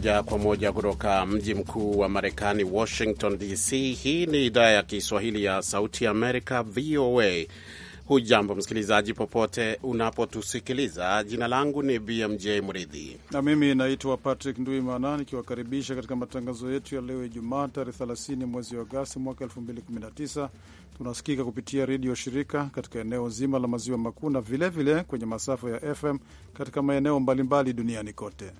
moja kwa moja kutoka mji mkuu wa Marekani, Washington DC. Hii ni idhaa ya Kiswahili ya Sauti ya Amerika, VOA. Hujambo msikilizaji, popote unapotusikiliza. Jina langu ni BMJ Mridhi na mimi naitwa Patrick Nduimana, nikiwakaribisha katika matangazo yetu ya leo Ijumaa tarehe 30 mwezi wa Agasti mwaka 2019. Tunasikika kupitia redio shirika katika eneo zima la maziwa makuu na vilevile kwenye masafa ya FM katika maeneo mbalimbali duniani kote.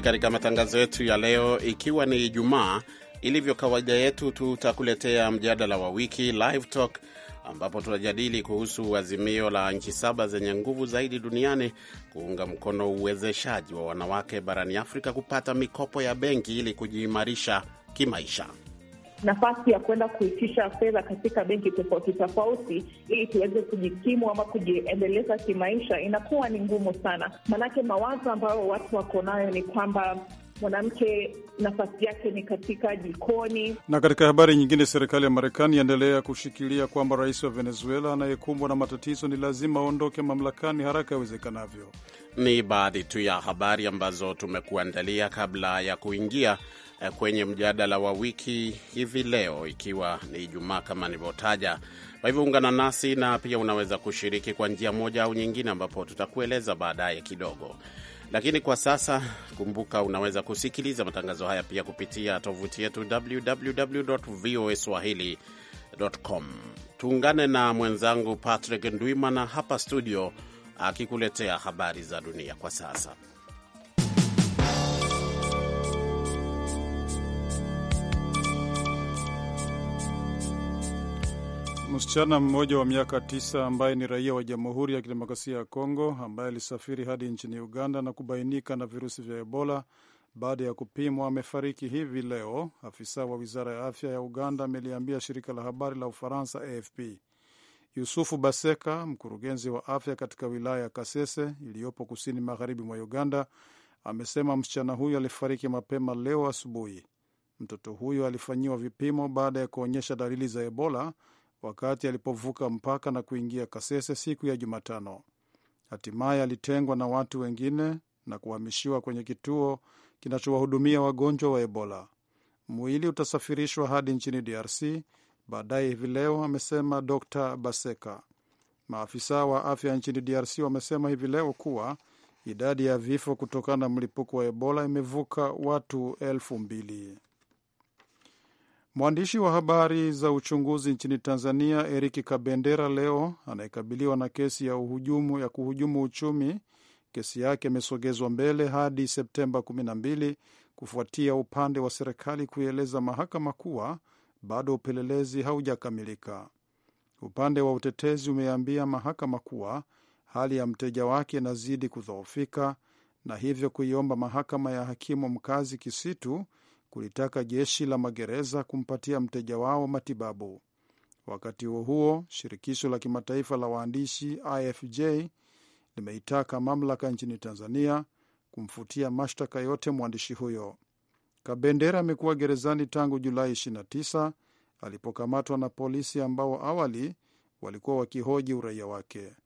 katika matangazo yetu ya leo, ikiwa ni Ijumaa, ilivyo kawaida yetu, tutakuletea mjadala wa wiki Live Talk, ambapo tunajadili kuhusu azimio la nchi saba zenye nguvu zaidi duniani kuunga mkono uwezeshaji wa wanawake barani Afrika kupata mikopo ya benki ili kujiimarisha kimaisha nafasi ya kuenda kuitisha fedha katika benki tofauti tofauti ili tuweze kujikimu ama kujiendeleza kimaisha, inakuwa ni ngumu sana. Maanake mawazo ambayo watu wako nayo ni kwamba mwanamke nafasi yake ni katika jikoni. Na katika habari nyingine, serikali ya Marekani yaendelea kushikilia kwamba rais wa Venezuela anayekumbwa na matatizo ni lazima aondoke mamlakani haraka iwezekanavyo. Ni baadhi tu ya habari ambazo tumekuandalia kabla ya kuingia Eh, kwenye mjadala wa wiki hivi leo, ikiwa ni Ijumaa kama nilivyotaja. Kwa hivyo ungana nasi na pia unaweza kushiriki kwa njia moja au nyingine, ambapo tutakueleza baadaye kidogo. Lakini kwa sasa, kumbuka unaweza kusikiliza matangazo haya pia kupitia tovuti yetu www voa swahili.com. Tuungane na mwenzangu Patrick Ndwimana hapa studio akikuletea habari za dunia kwa sasa. Msichana mmoja wa miaka tisa ambaye ni raia wa Jamhuri ya Kidemokrasia ya Kongo ambaye alisafiri hadi nchini Uganda na kubainika na virusi vya Ebola baada ya kupimwa amefariki hivi leo, afisa wa wizara ya afya ya Uganda ameliambia shirika la habari la Ufaransa AFP. Yusufu Baseka, mkurugenzi wa afya katika wilaya ya Kasese iliyopo kusini magharibi mwa Uganda, amesema msichana huyo alifariki mapema leo asubuhi. Mtoto huyo alifanyiwa vipimo baada ya kuonyesha dalili za Ebola wakati alipovuka mpaka na kuingia Kasese siku ya Jumatano. Hatimaye alitengwa na watu wengine na kuhamishiwa kwenye kituo kinachowahudumia wagonjwa wa Ebola. Mwili utasafirishwa hadi nchini DRC baadaye hivi leo, amesema Dr Baseka. Maafisa wa afya nchini DRC wamesema hivi leo kuwa idadi ya vifo kutokana na mlipuko wa Ebola imevuka watu elfu mbili. Mwandishi wa habari za uchunguzi nchini Tanzania Eriki Kabendera leo anayekabiliwa na kesi ya uhujumu ya kuhujumu uchumi, kesi yake imesogezwa mbele hadi Septemba 12 kufuatia upande wa serikali kuieleza mahakama kuwa bado upelelezi haujakamilika. Upande wa utetezi umeambia mahakama kuwa hali ya mteja wake inazidi kudhoofika na hivyo kuiomba mahakama ya hakimu mkazi Kisitu kulitaka jeshi la magereza kumpatia mteja wao matibabu. Wakati huo huo, shirikisho la kimataifa la waandishi IFJ limeitaka mamlaka nchini Tanzania kumfutia mashtaka yote mwandishi huyo. Kabendera amekuwa gerezani tangu Julai 29 alipokamatwa na polisi ambao awali walikuwa wakihoji uraia wake.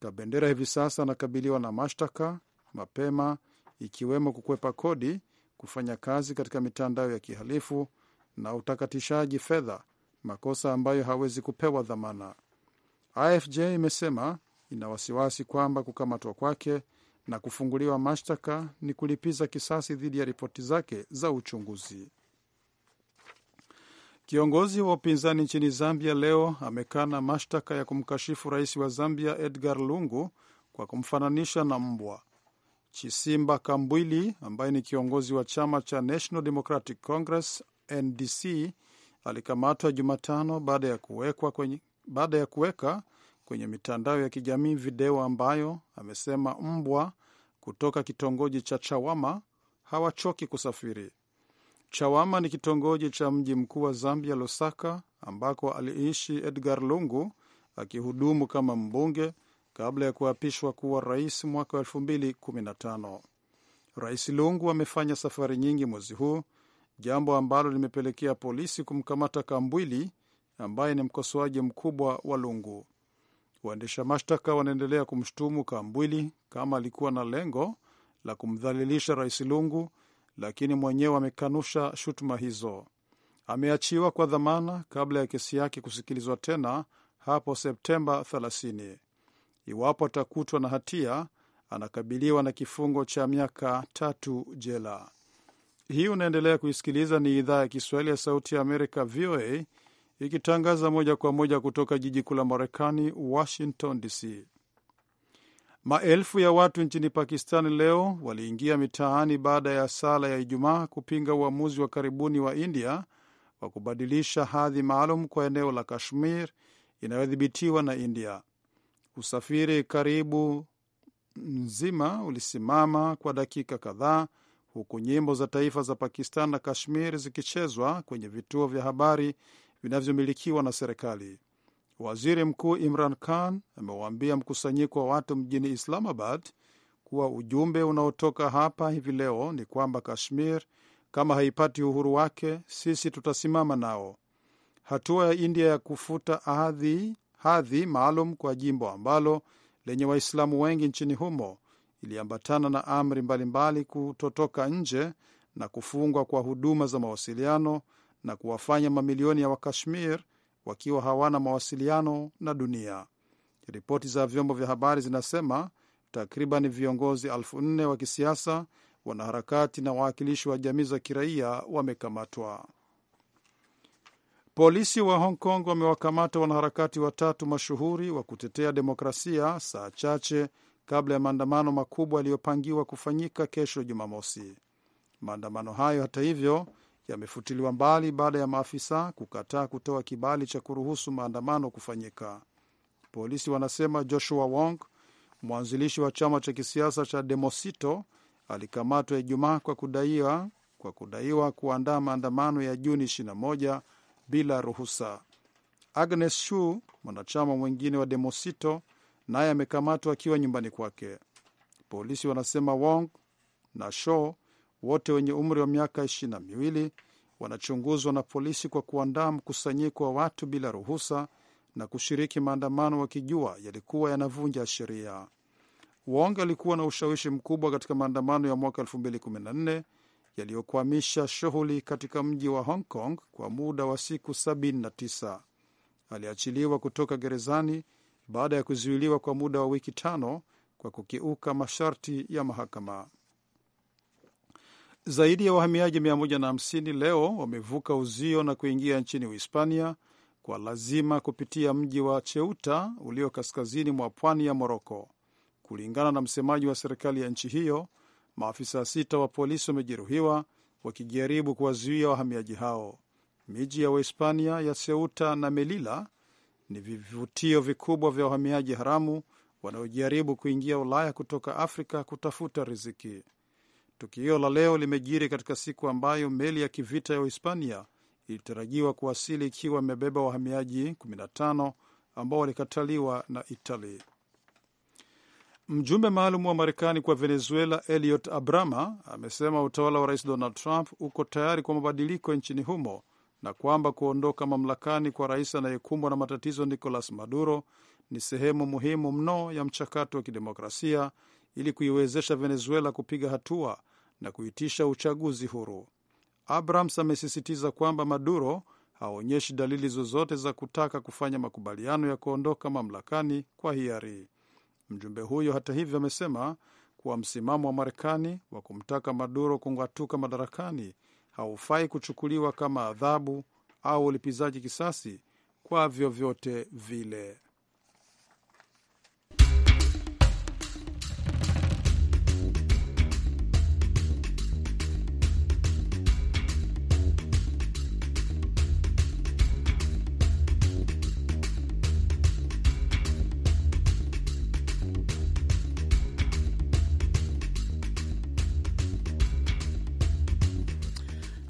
Kabendera hivi sasa anakabiliwa na mashtaka mapema ikiwemo kukwepa kodi kufanya kazi katika mitandao ya kihalifu na utakatishaji fedha, makosa ambayo hawezi kupewa dhamana. IFJ imesema ina wasiwasi kwamba kukamatwa kwake na kufunguliwa mashtaka ni kulipiza kisasi dhidi ya ripoti zake za uchunguzi. Kiongozi wa upinzani nchini Zambia leo amekana mashtaka ya kumkashifu rais wa Zambia Edgar Lungu kwa kumfananisha na mbwa. Chisimba Kambwili ambaye ni kiongozi wa chama cha National Democratic Congress NDC alikamatwa Jumatano baada ya kuwekwa kwenye, baada ya kuweka kwenye mitandao ya kijamii video ambayo amesema mbwa kutoka kitongoji cha Chawama hawachoki kusafiri. Chawama ni kitongoji cha mji mkuu wa Zambia, Lusaka, ambako aliishi Edgar Lungu akihudumu kama mbunge kabla ya kuapishwa kuwa rais mwaka wa 2015. Rais Lungu amefanya safari nyingi mwezi huu, jambo ambalo limepelekea polisi kumkamata Kambwili ambaye ni mkosoaji mkubwa wa Lungu. Waendesha mashtaka wanaendelea kumshutumu Kambwili kama alikuwa na lengo la kumdhalilisha rais Lungu, lakini mwenyewe amekanusha shutuma hizo. Ameachiwa kwa dhamana kabla ya kesi yake kusikilizwa tena hapo Septemba Iwapo atakutwa na hatia, anakabiliwa na kifungo cha miaka tatu jela. Hii unaendelea kuisikiliza, ni idhaa ya Kiswahili ya Sauti ya Amerika, VOA, ikitangaza moja kwa moja kutoka jiji kuu la Marekani, Washington DC. Maelfu ya watu nchini Pakistan leo waliingia mitaani baada ya sala ya Ijumaa kupinga uamuzi wa karibuni wa India wa kubadilisha hadhi maalum kwa eneo la Kashmir inayodhibitiwa na India. Usafiri karibu nzima ulisimama kwa dakika kadhaa huku nyimbo za taifa za Pakistan na Kashmir zikichezwa kwenye vituo vya habari vinavyomilikiwa na serikali. Waziri Mkuu Imran Khan amewaambia mkusanyiko wa watu mjini Islamabad kuwa ujumbe unaotoka hapa hivi leo ni kwamba Kashmir kama haipati uhuru wake, sisi tutasimama nao. Hatua ya India ya kufuta ardhi hadhi maalum kwa jimbo ambalo lenye Waislamu wengi nchini humo iliambatana na amri mbalimbali kutotoka nje na kufungwa kwa huduma za mawasiliano na kuwafanya mamilioni ya Wakashmir wakiwa hawana mawasiliano na dunia. Ripoti za vyombo vya habari zinasema takriban viongozi elfu nne wa kisiasa, wanaharakati na wawakilishi wa jamii za kiraia wamekamatwa. Polisi wa Hong Kong wamewakamata wanaharakati watatu mashuhuri wa kutetea demokrasia saa chache kabla ya maandamano makubwa yaliyopangiwa kufanyika kesho Jumamosi. Maandamano hayo hata hivyo yamefutiliwa mbali baada ya maafisa kukataa kutoa kibali cha kuruhusu maandamano kufanyika. Polisi wanasema Joshua Wong, mwanzilishi wa chama cha kisiasa cha Demosito, alikamatwa Ijumaa kwa kudaiwa kwa kudaiwa kuandaa maandamano ya Juni 21 bila ruhusa. Agnes Shu, mwanachama mwingine wa Demosito, naye amekamatwa akiwa nyumbani kwake. Polisi wanasema Wong na Shaw, wote wenye umri wa miaka ishirini na miwili, wanachunguzwa na polisi kwa kuandaa mkusanyiko wa watu bila ruhusa na kushiriki maandamano wakijua yalikuwa yanavunja sheria. Wong alikuwa na ushawishi mkubwa katika maandamano ya mwaka 2014 yaliyokwamisha shughuli katika mji wa Hong Kong kwa muda wa siku 79. Aliachiliwa kutoka gerezani baada ya kuzuiliwa kwa muda wa wiki tano kwa kukiuka masharti ya mahakama. Zaidi ya wahamiaji 150 leo wamevuka uzio na kuingia nchini Uhispania kwa lazima kupitia mji wa Cheuta ulio kaskazini mwa pwani ya Moroko, kulingana na msemaji wa serikali ya nchi hiyo. Maafisa sita wa polisi wamejeruhiwa wakijaribu kuwazuia wahamiaji hao. Miji ya wahispania ya Ceuta na melila ni vivutio vikubwa vya wahamiaji haramu wanaojaribu kuingia Ulaya kutoka Afrika kutafuta riziki. Tukio la leo limejiri katika siku ambayo meli ya kivita ya Uhispania ilitarajiwa kuwasili ikiwa imebeba wahamiaji 15 ambao walikataliwa na Itali. Mjumbe maalum wa Marekani kwa Venezuela Eliot Abrama amesema utawala wa rais Donald Trump uko tayari kwa mabadiliko nchini humo na kwamba kuondoka mamlakani kwa rais anayekumbwa na matatizo Nicolas Maduro ni sehemu muhimu mno ya mchakato wa kidemokrasia ili kuiwezesha Venezuela kupiga hatua na kuitisha uchaguzi huru. Abrams amesisitiza kwamba Maduro haonyeshi dalili zozote za kutaka kufanya makubaliano ya kuondoka mamlakani kwa hiari. Mjumbe huyo hata hivyo amesema kuwa msimamo wa Marekani wa kumtaka Maduro kung'atuka madarakani haufai kuchukuliwa kama adhabu au ulipizaji kisasi kwa vyovyote vile.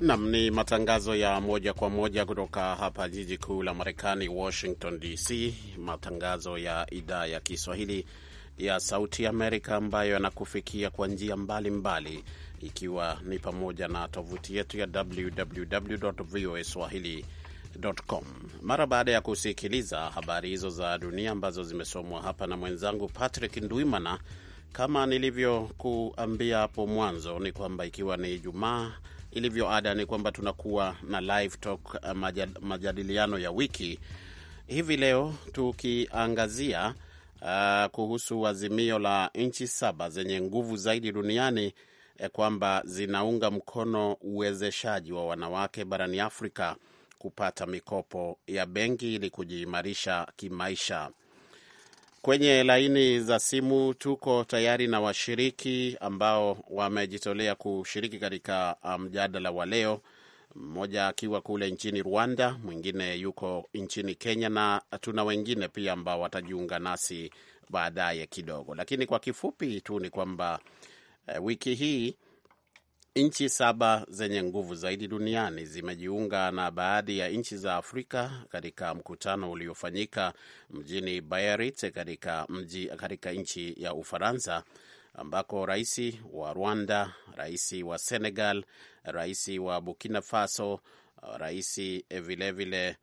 Nam ni matangazo ya moja kwa moja kutoka hapa jiji kuu la Marekani, Washington DC, matangazo ya idhaa ya Kiswahili ya Sauti Amerika ambayo yanakufikia kwa njia mbalimbali, ikiwa ni pamoja na tovuti yetu ya www voa swahili.com. Mara baada ya kusikiliza habari hizo za dunia ambazo zimesomwa hapa na mwenzangu Patrick Ndwimana, kama nilivyokuambia hapo mwanzo, ni kwamba ikiwa ni Ijumaa ilivyo ada, ni kwamba tunakuwa na live talk, eh, majadiliano ya wiki hivi leo, tukiangazia uh, kuhusu azimio la nchi saba zenye nguvu zaidi duniani eh, kwamba zinaunga mkono uwezeshaji wa wanawake barani Afrika kupata mikopo ya benki ili kujiimarisha kimaisha. Kwenye laini za simu tuko tayari na washiriki ambao wamejitolea kushiriki katika uh, mjadala wa leo, mmoja akiwa kule nchini Rwanda, mwingine yuko nchini Kenya na tuna wengine pia ambao watajiunga nasi baadaye kidogo. Lakini kwa kifupi tu ni kwamba uh, wiki hii Nchi saba zenye nguvu zaidi duniani zimejiunga na baadhi ya nchi za Afrika katika mkutano uliofanyika mjini Biarritz katika mji katika nchi ya Ufaransa ambako rais wa Rwanda, rais wa Senegal, rais wa Burkina Faso, rais vilevile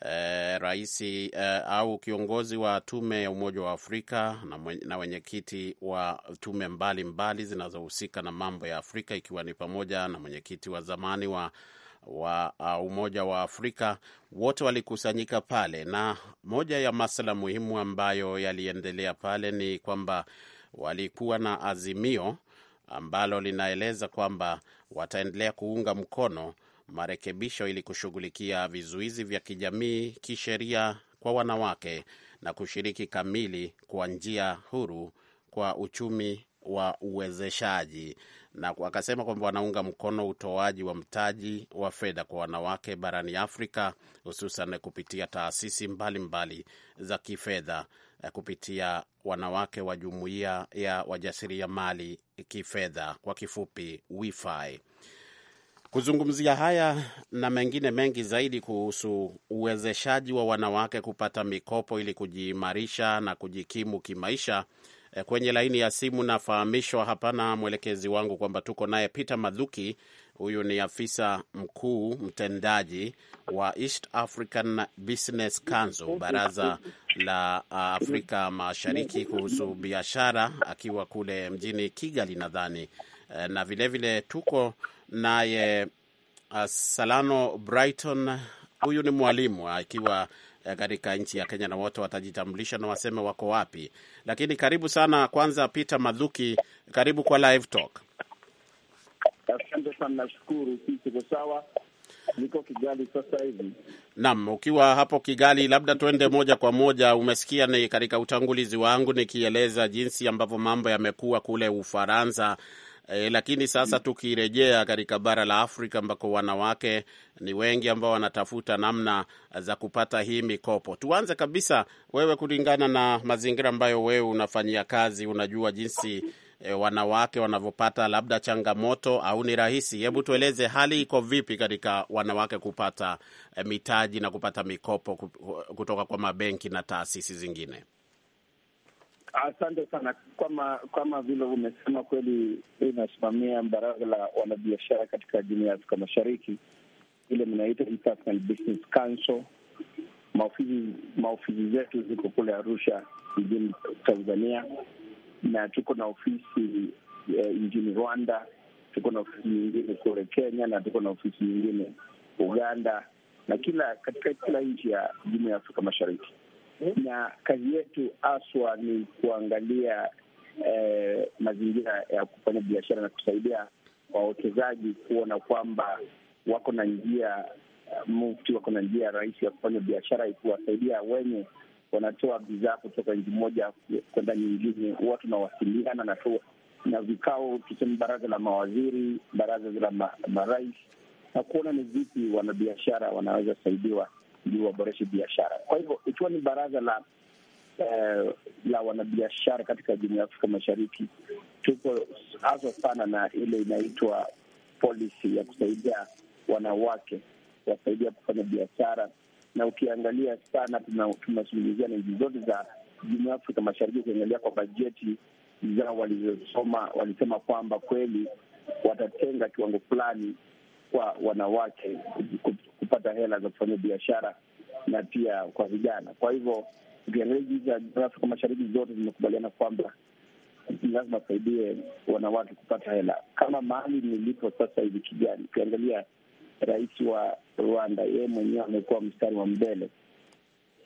eh, raisi eh, au kiongozi wa tume ya Umoja wa Afrika na, na wenyekiti wa tume mbalimbali zinazohusika na mambo ya Afrika ikiwa ni pamoja na mwenyekiti wa zamani wa wa uh, Umoja wa Afrika wote walikusanyika pale, na moja ya masuala muhimu ambayo yaliendelea pale ni kwamba walikuwa na azimio ambalo linaeleza kwamba wataendelea kuunga mkono marekebisho ili kushughulikia vizuizi vya kijamii, kisheria kwa wanawake na kushiriki kamili kwa njia huru kwa uchumi wa uwezeshaji na akasema kwamba wanaunga mkono utoaji wa mtaji wa fedha kwa wanawake barani Afrika hususan kupitia taasisi mbalimbali mbali za kifedha eh, kupitia wanawake wa jumuiya ya wajasiriamali kifedha kwa kifupi WIFI. Kuzungumzia haya na mengine mengi zaidi kuhusu uwezeshaji wa wanawake kupata mikopo ili kujiimarisha na kujikimu kimaisha, eh, kwenye laini ya simu nafahamishwa hapa na mwelekezi wangu kwamba tuko naye Peter Madhuki. Huyu ni afisa mkuu mtendaji wa East African Business Council, baraza la ah, Afrika Mashariki kuhusu biashara, akiwa kule mjini Kigali nadhani, eh, na vilevile vile tuko naye uh, Salano Brighton, huyu ni mwalimu uh, akiwa uh, katika nchi ya Kenya, na wote watajitambulisha na waseme wako wapi. Lakini karibu sana kwanza, Peter Madhuki, karibu kwa live talk. Asante sana, nashukuru. Tuko sawa, niko Kigali sasa hivi. Naam, ukiwa hapo Kigali, labda tuende moja kwa moja. Umesikia ni katika utangulizi wangu nikieleza jinsi ambavyo mambo yamekuwa kule Ufaransa E, lakini sasa tukirejea katika bara la Afrika ambako wanawake ni wengi ambao wanatafuta namna za kupata hii mikopo. Tuanze kabisa, wewe, kulingana na mazingira ambayo wewe unafanyia kazi, unajua jinsi e, wanawake wanavyopata labda changamoto au ni rahisi. Hebu tueleze hali iko vipi katika wanawake kupata e, mitaji na kupata mikopo kutoka kwa mabenki na taasisi zingine? Asante sana. Kama kama vile umesema, kweli inasimamia baraza la wanabiashara katika jumuiya ya Afrika Mashariki, ile mnaita Business Council. Maofisi maofisi zetu ziko kule Arusha nchini Tanzania, na tuko na ofisi eh, nchini Rwanda, tuko na ofisi nyingine kule Kenya, na tuko na ofisi nyingine Uganda, na kila katika kila nchi ya jumuiya ya Afrika Mashariki na kazi yetu haswa ni kuangalia eh, mazingira ya kufanya biashara na kusaidia wawekezaji kuona kwamba wako na njia mufti, wako na njia rahisi ya kufanya biashara, ikiwasaidia wenye wanatoa bidhaa kutoka nchi moja kwenda nyingine. Huwa tunawasiliana na na vikao, tuseme baraza la mawaziri, baraza la marais, na kuona ni vipi wanabiashara wanaweza saidiwa ndio waboreshe biashara. Kwa hivyo ikiwa ni baraza la eh, la wanabiashara katika jumuiya ya Afrika Mashariki, tuko haswa sana na ile inaitwa policy ya kusaidia wanawake wasaidia kufanya biashara, na ukiangalia sana tunazungumzia na nchi zote za jumuiya ya Afrika Mashariki, ukiangalia kwa bajeti zao walizosoma, walisema kwamba kweli watatenga kiwango fulani kwa wanawake kupata hela za kufanya biashara na pia kwa vijana. Kwa hivyo ukiangalia nchi za Afrika Mashariki zote zimekubaliana kwamba lazima asaidie wanawake kupata hela. Kama mali nilipo sasa hivi kijani ukiangalia rais wa Rwanda, yeye mwenyewe amekuwa mstari wa mbele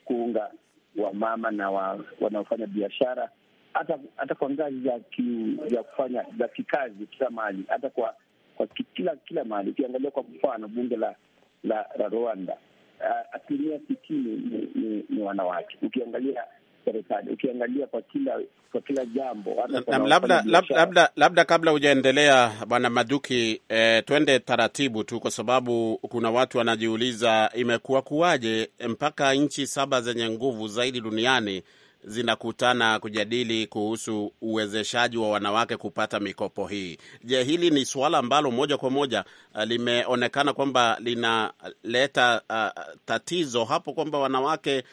kuunga wamama na wa, wanaofanya biashara hata hata kwa ngazi za ki, za kufanya za kikazi kila mahali, hata kwa kwa kila kila mahali. Ukiangalia kwa mfano bunge la la, la Rwanda uh, asilimia sitini ni, ni, ni wanawake. Ukiangalia serikali, ukiangalia kwa kila kwa kila jambo labda labda, labda labda kabla hujaendelea Bwana Maduki eh, twende taratibu tu, kwa sababu kuna watu wanajiuliza imekuwa kuwaje mpaka nchi saba zenye nguvu zaidi duniani zinakutana kujadili kuhusu uwezeshaji wa wanawake kupata mikopo hii. Je, hili ni suala ambalo moja kwa moja uh, limeonekana kwamba linaleta uh, tatizo hapo kwamba wanawake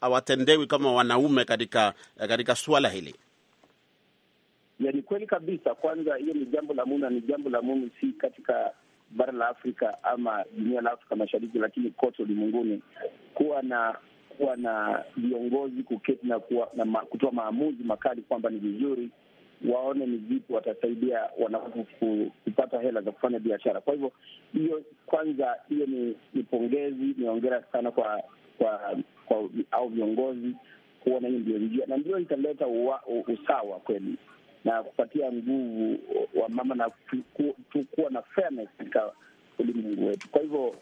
hawatendewi kama wanaume katika, uh, katika suala hili? Ya, ni kweli kabisa. Kwanza hiyo ni jambo la muhimu na ni jambo la muhimu si katika bara la Afrika ama dunia la Afrika Mashariki, lakini kote ulimwenguni kuwa na kuwa na viongozi kuketi na, na kutoa maamuzi makali kwamba ni vizuri waone ni vipi watasaidia wanawake kupata hela za kufanya biashara. Kwa hivyo hiyo kwanza, hiyo ni, ni pongezi, niongera sana kwa kwa, kwa au viongozi kuona hiyo ndio njia na ndio italeta usawa kweli na kupatia nguvu wa mama na kuwa na fairness katika ulimwengu wetu, kwa hivyo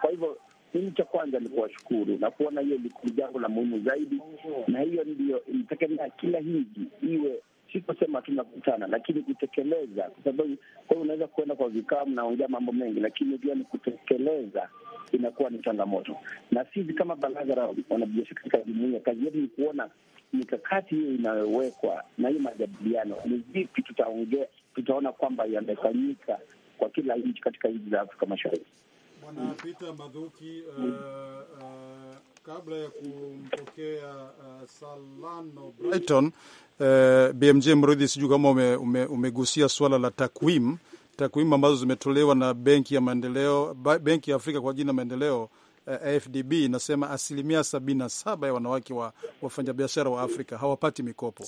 Kwa hivyo mimi cha kwanza ni kuwashukuru na kuona hiyo ni jambo la muhimu zaidi, na hiyo ndio inategemea kila hiji iwe sikusema tunakutana lakini kutekeleza, kwa sababu kwa hiyo unaweza kuenda kwa vikao, mnaongea mambo mengi, lakini pia ni kutekeleza inakuwa ni changamoto. Na sisi kama baraza la wanabiashara katika jumuia, kazi yetu ni kuona mikakati hiyo inayowekwa na hiyo majadiliano ni vipi tutaongea, tutaona kwamba yamefanyika kwa kila nchi katika nchi za Afrika Mashariki. Bwana Peter Madhuki, uh, uh, kabla ya kumpokea uh, Salano Brighton uh, BMJ Mridhi, sijui kama ume, ume, umegusia swala la takwimu takwimu ambazo zimetolewa na Benki ya Maendeleo, Benki ya Afrika kwa jina maendeleo Eh, AFDB inasema asilimia sabini na saba ya wanawake wa wafanyabiashara wa Afrika hawapati mikopo,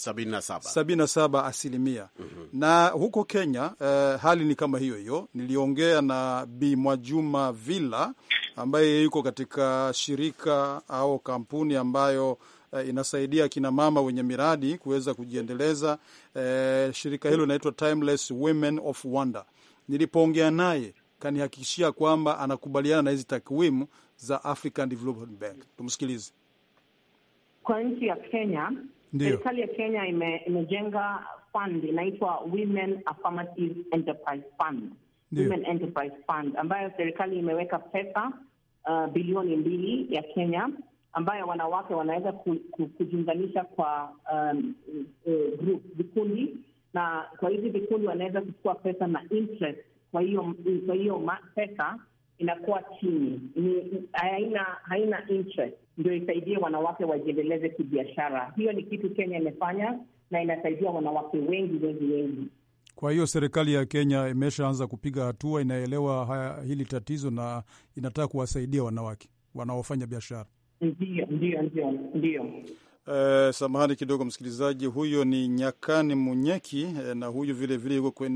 sabini na saba, asilimia mm -hmm. Na huko Kenya eh, hali ni kama hiyo hiyo. Niliongea na Bi Mwajuma Villa ambaye yuko katika shirika au kampuni ambayo eh, inasaidia kinamama mama wenye miradi kuweza kujiendeleza. Eh, shirika hilo inaitwa Timeless Women of Wonder. Nilipoongea naye kanihakikishia kwamba anakubaliana na hizi takwimu za African Development Bank. Tumsikilize. Kwa nchi ya Kenya, serikali ya Kenya ime, imejenga fund inaitwa Women Affirmative Enterprise Fund. Women Enterprise Fund ambayo serikali imeweka pesa uh, bilioni mbili ya Kenya ambayo wanawake wanaweza ku, ku, kujiunganisha kwa um, uh, group vikundi, na kwa hivi vikundi wanaweza kuchukua pesa na interest kwa hiyo kwa hiyo pesa inakuwa chini, ni haina haina interest, ndio isaidie wanawake wajiendeleze kibiashara. Hiyo ni kitu Kenya imefanya na inasaidia wanawake wengi wengi wengi. Kwa hiyo serikali ya Kenya imeshaanza kupiga hatua, inaelewa haya hili tatizo na inataka kuwasaidia wanawake wanaofanya biashara. Ndio, ndio, ndio, ndio. Uh, samahani kidogo msikilizaji, huyo ni Nyakani Munyeki eh, na huyu vilevile vile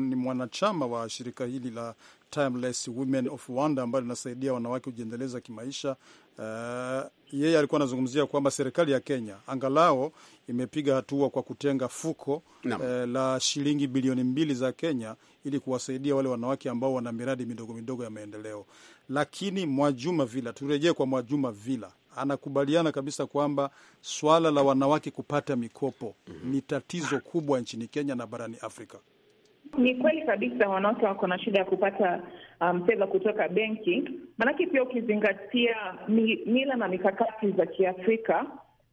ni mwanachama wa shirika hili la Timeless Women of Rwanda ambayo linasaidia wanawake kujiendeleza kimaisha. Uh, yeye alikuwa anazungumzia kwamba serikali ya Kenya angalao imepiga hatua kwa kutenga fuko uh, la shilingi bilioni mbili za Kenya ili kuwasaidia wale wanawake ambao wana miradi midogo midogo ya maendeleo. Lakini Mwajuma Vila, turejee kwa Mwajuma Vila, anakubaliana kabisa kwamba swala la wanawake kupata mikopo mm -hmm. ni tatizo kubwa nchini Kenya na barani Afrika. Ni kweli kabisa, wanawake wako na shida ya kupata um, fedha um, kutoka benki, maanake pia ukizingatia mila na mikakati za Kiafrika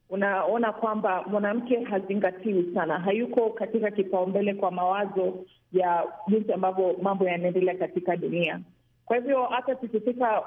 unaona kwamba mwanamke hazingatiwi sana, hayuko katika kipaumbele kwa mawazo ya jinsi ambavyo mambo yanaendelea katika dunia. Kwa hivyo hata tukifika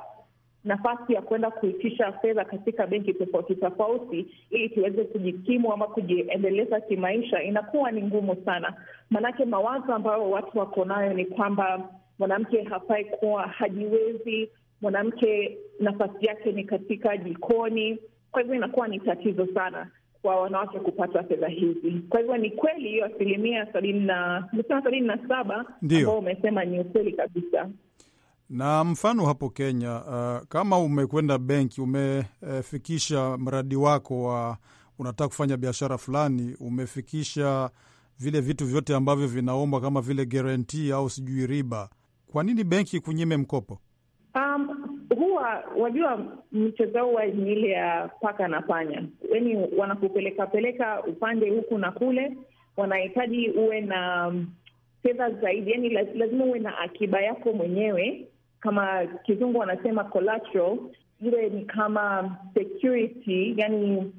nafasi ya kuenda kuitisha fedha katika benki tofauti tofauti ili tuweze kujikimu ama kujiendeleza kimaisha, inakuwa ni ngumu sana. Maanake mawazo ambayo watu wako nayo ni kwamba mwanamke hafai kuwa hajiwezi, mwanamke nafasi yake ni katika jikoni. Kwa hivyo inakuwa ni tatizo sana kwa wanawake kupata fedha hizi. Kwa hivyo ni kweli hiyo asilimia sabini na sabini na saba ambao umesema ni ukweli kabisa na mfano hapo Kenya, uh, kama umekwenda benki umefikisha mradi wako wa unataka kufanya biashara fulani, umefikisha vile vitu vyote ambavyo vinaombwa kama vile guarantee au sijui riba, kwa nini benki kunyime mkopo? Um, huwa wajua mchezo huwa ni ile ya paka na panya, yaani wanakupeleka peleka upande huku na kule, wanahitaji uwe na um, fedha zaidi, yaani lazima uwe na akiba yako mwenyewe kama kizungu wanasema collateral, iwe ni kama security, yani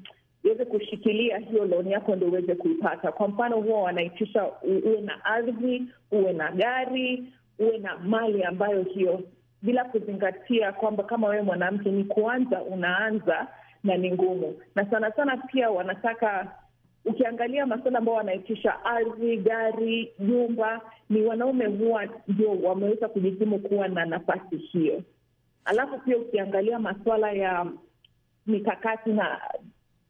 iweze kushikilia hiyo loni yako ndo uweze kuipata. Kwa mfano, huwa wanaitisha uwe na ardhi, uwe na gari, uwe na mali ambayo hiyo, bila kuzingatia kwamba kama wewe mwanamke ni kuanza, unaanza na ni ngumu, na sana sana pia wanataka ukiangalia masuala ambao wanaitisha ardhi, gari, nyumba, ni wanaume huwa ndio wameweza kujikimu kuwa na nafasi hiyo. Alafu pia ukiangalia masuala ya mikakati na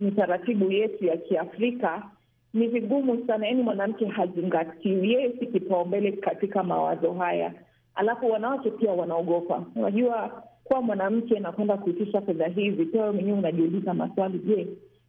mitaratibu yetu ya Kiafrika ni vigumu sana, yaani mwanamke hazingatiwi, yeye si kipaumbele katika mawazo haya. Alafu wanawake pia wanaogopa, unajua kuwa mwanamke nakwenda kuitisha fedha hizi, pia menyewe mwenyewe unajiuliza maswali, je,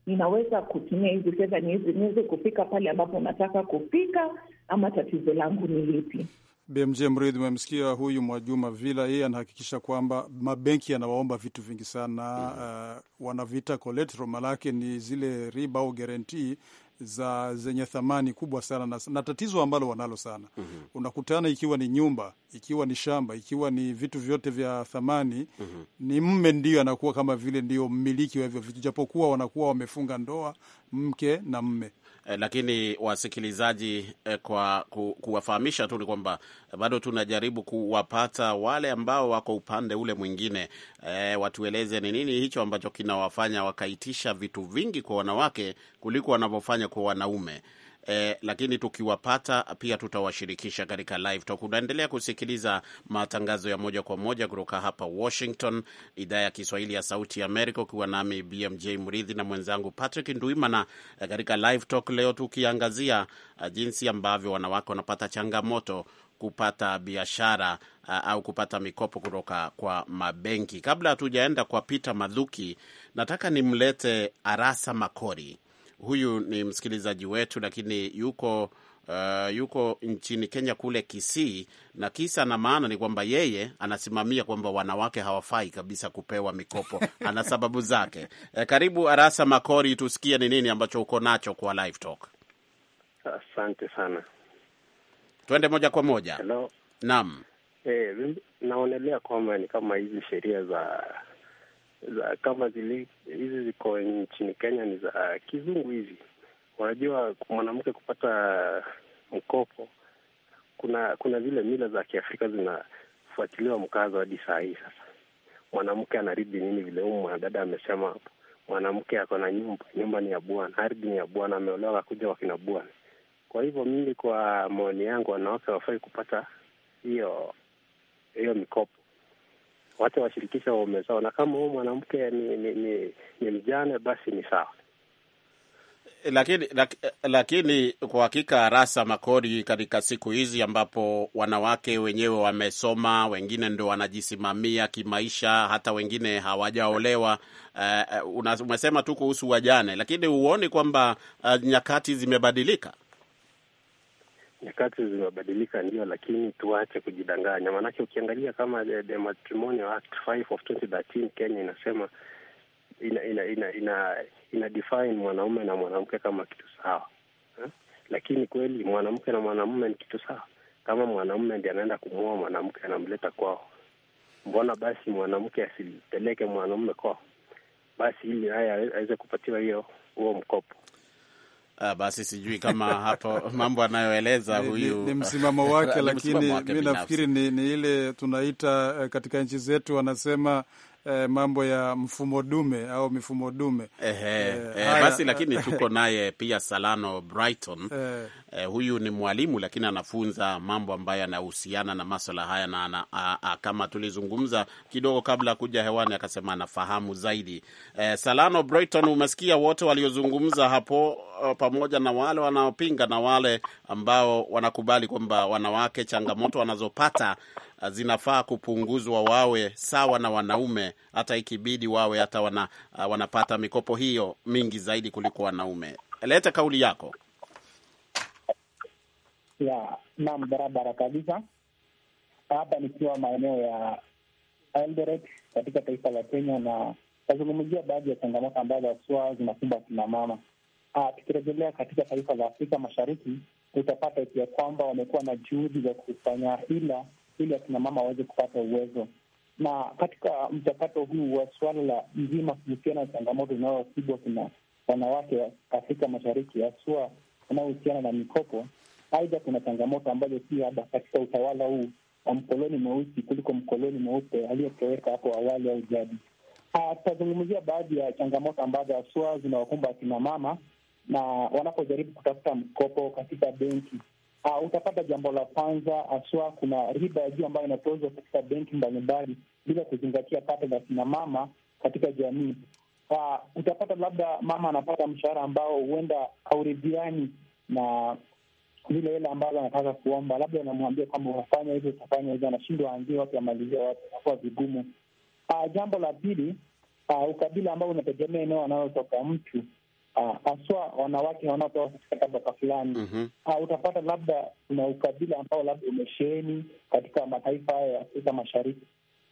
ninaweza kutumia hizi fedha niweze kufika pale ambapo nataka kufika, ama tatizo langu ni lipi? BMJ Mridhi, umemsikia huyu Mwajuma Vila, yeye anahakikisha kwamba mabenki yanawaomba vitu vingi sana mm. Uh, wanavita collateral, malake ni zile riba au guarantee za zenye thamani kubwa sana na, na tatizo ambalo wanalo sana mm -hmm. Unakutana ikiwa ni nyumba, ikiwa ni shamba, ikiwa ni vitu vyote vya thamani mm -hmm. Ni mme ndio anakuwa kama vile ndio mmiliki wa hivyo vitu, japokuwa wanakuwa wamefunga ndoa mke na mme eh, lakini wasikilizaji eh, kwa ku, kuwafahamisha tu ni kwamba eh, bado tunajaribu kuwapata wale ambao wako upande ule mwingine eh, watueleze ni nini hicho ambacho kinawafanya wakaitisha vitu vingi kwa wanawake kuliko wanavyofanya kwa wanaume eh, lakini tukiwapata pia tutawashirikisha katika live talk. Unaendelea kusikiliza matangazo ya moja kwa moja kutoka hapa Washington, idhaa ya Kiswahili ya Sauti ya Amerika, ukiwa nami BMJ Mridhi na mwenzangu Patrick Nduimana eh, katika live talk leo, tukiangazia eh, jinsi ambavyo wanawake wanapata changamoto kupata biashara eh, au kupata mikopo kutoka kwa mabenki. Kabla hatujaenda kwa Peter Madhuki, nataka nimlete Arasa Makori huyu ni msikilizaji wetu, lakini yuko uh, yuko nchini Kenya kule Kisii, na kisa na maana ni kwamba yeye anasimamia kwamba wanawake hawafai kabisa kupewa mikopo. Ana sababu zake. Eh, karibu Arasa Makori, tusikie ni nini ambacho uko nacho kwa live talk. Asante sana, tuende moja kwa moja. Hello. Naam. Eh, naonelea kwamba ni kama hizi sheria za za kama zili hizi ziko nchini Kenya ni za kizungu hizi. Unajua, mwanamke kupata mkopo, kuna kuna zile mila za Kiafrika zinafuatiliwa mkazo hadi saa hii. Sasa mwanamke anaridhi nini? Vile huyu mwanadada amesema hapo, mwanamke ako na nyumba, nyumba ni ya bwana, ardhi ni ya bwana, ameolewa akuja wakina bwana. Kwa hivyo mimi, kwa maoni yangu, wanawake wafai kupata hiyo hiyo mikopo wacha washirikishe waume zao, na kama huyu mwanamke ni, ni, ni, ni mjane basi ni sawa. Lakini lak, lakini kwa hakika rasa makodi katika siku hizi ambapo wanawake wenyewe wamesoma, wengine ndo wanajisimamia kimaisha, hata wengine hawajaolewa. Uh, umesema tu kuhusu wajane, lakini huoni kwamba uh, nyakati zimebadilika? nyakati zimebadilika, ndio, lakini tuache kujidanganya, maanake ukiangalia kama the, the Matrimonial Act 5 of 2013 Kenya inasema ina ina ina ina, ina define mwanaume na mwanamke kama kitu sawa ha? Eh? Lakini kweli mwanamke na mwanamume ni kitu sawa? Kama mwanamume ndi anaenda kumua mwanamke anamleta kwao, mbona basi mwanamke asipeleke mwanamume kwao, basi ili haya aweze kupatiwa hiyo huo mkopo Ah, basi sijui kama hapo mambo anayoeleza huyu ni, ni msimamo wake, lakini mi nafikiri ni, ni ile tunaita eh, katika nchi zetu wanasema eh, mambo ya mfumo dume au mifumo dume eh, eh, eh, basi lakini tuko naye pia Salano Brighton eh, eh, huyu ni mwalimu lakini anafunza mambo ambayo yanahusiana na maswala haya na, na a, a, kama tulizungumza kidogo kabla ya kuja hewani akasema anafahamu zaidi eh, Salano Brighton, umesikia wote waliozungumza hapo eh, pamoja na wale wanaopinga na wale ambao wanakubali kwamba wanawake changamoto wanazopata zinafaa kupunguzwa wawe sawa na wanaume, hata ikibidi wawe hata wana, uh, wanapata mikopo hiyo mingi zaidi kuliko wanaume. Leta kauli yako. Ya, naam, barabara kabisa. Hapa nikiwa maeneo ya Eldoret katika taifa la Kenya, na tazungumzia baadhi ya changamoto ambazo haswa zinakumba kina mama. Ah, tukirejelea katika taifa la Afrika Mashariki, utapata ya kwamba wamekuwa na juhudi za kufanya hila ili akina mama waweze kupata uwezo. Na katika mchakato huu wa suala la mzima kuhusiana na changamoto inayowasibwa kina wanawake wa Afrika Mashariki, haswa wanaohusiana na mikopo. Aidha, kuna changamoto ambazo pia katika utawala huu wa mkoloni mweusi kuliko mkoloni mweupe aliyetoweka hapo awali au jadi. Ah, tutazungumzia baadhi ya changamoto ambazo haswa zinawakumba akina mama na wanapojaribu kutafuta mkopo katika benki uh, utapata jambo la kwanza haswa, kuna riba ya juu ambayo inatozwa katika benki mbalimbali bila kuzingatia pato la kina mama katika jamii. Uh, utapata labda mama anapata mshahara ambao huenda hauridhiani na vile hela ambazo anataka kuomba, labda anamwambia kwamba unafanya hivyo, utafanya hivyo, anashindwa aanzie wapi, amalizia wapi, inakuwa vigumu. Uh, jambo la pili, uh, ukabila ambao unategemea eneo anayotoka mtu Ah, haswa uh, wanawake wanaotoka katika tabaka fulani mm -hmm. uh, utapata labda kuna ukabila ambao labda umesheheni katika mataifa haya ya Afrika Mashariki.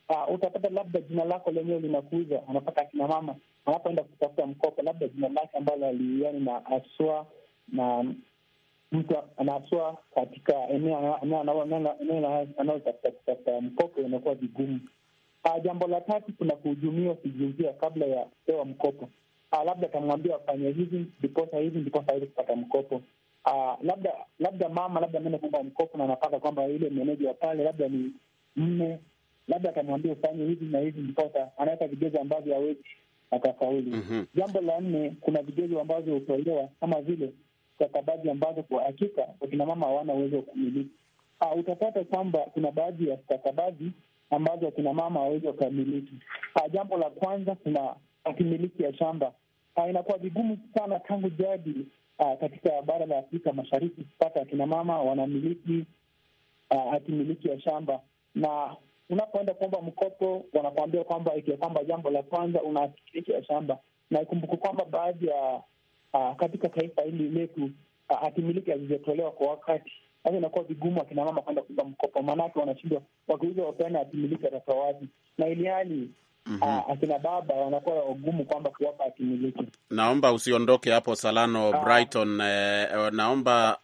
Uh, utapata labda jina lako lenyewe linakuuza. unapata akina mama wanapoenda kutafuta mkopo, labda jina lake ambalo aliiani na aswa na mtu anaswa katika eneo anaotafuta kutafuta mkopo inakuwa vigumu. Uh, jambo la tatu kuna kuhujumiwa kijinsia kabla ya kupewa mkopo. Ah, labda atamwambia wafanye hivi ndiposa hivi ndiposa hivi kupata mkopo. Uh, labda labda mama labda mene kuomba mkopo na anapata kwamba ile meneja wa pale labda ni mme, labda atamwambia ufanye hivi na hivi, ndiposa anaweka vigezo ambavyo hawezi akafaulu. mm -hmm. Jambo la nne, kuna vigezo ambavyo hutolewa kama vile stakabadhi ambazo kwa hakika wakina mama hawana uwezo wa kumiliki. Uh, utapata kwamba kuna baadhi ya stakabadhi ambazo wakina mama hawezi wakamiliki. Uh, jambo la kwanza kuna akimiliki ya shamba uh, inakuwa vigumu sana tangu jadi uh, katika bara la Afrika Mashariki kupata akinamama wanamiliki uh, ya shamba, na unapoenda kuomba mkopo wanakuambia kwamba ikiwa kwamba jambo la kwanza una hatimiliki ya shamba, na ikumbuke kwamba baadhi ya uh, katika taifa hili letu uh, hatimiliki hazizotolewa kwa wakati. Sasa yaani inakuwa vigumu akinamama kwenda kuomba mkopo, maanake wanashindwa wakiuza wapeana hatimiliki ya wapi, na ilihali hali mm -hmm. akina baba wanakuwa wagumu kwamba kuwapa akimiliki. Naomba usiondoke hapo Salano ah. Brighton eh, eh naomba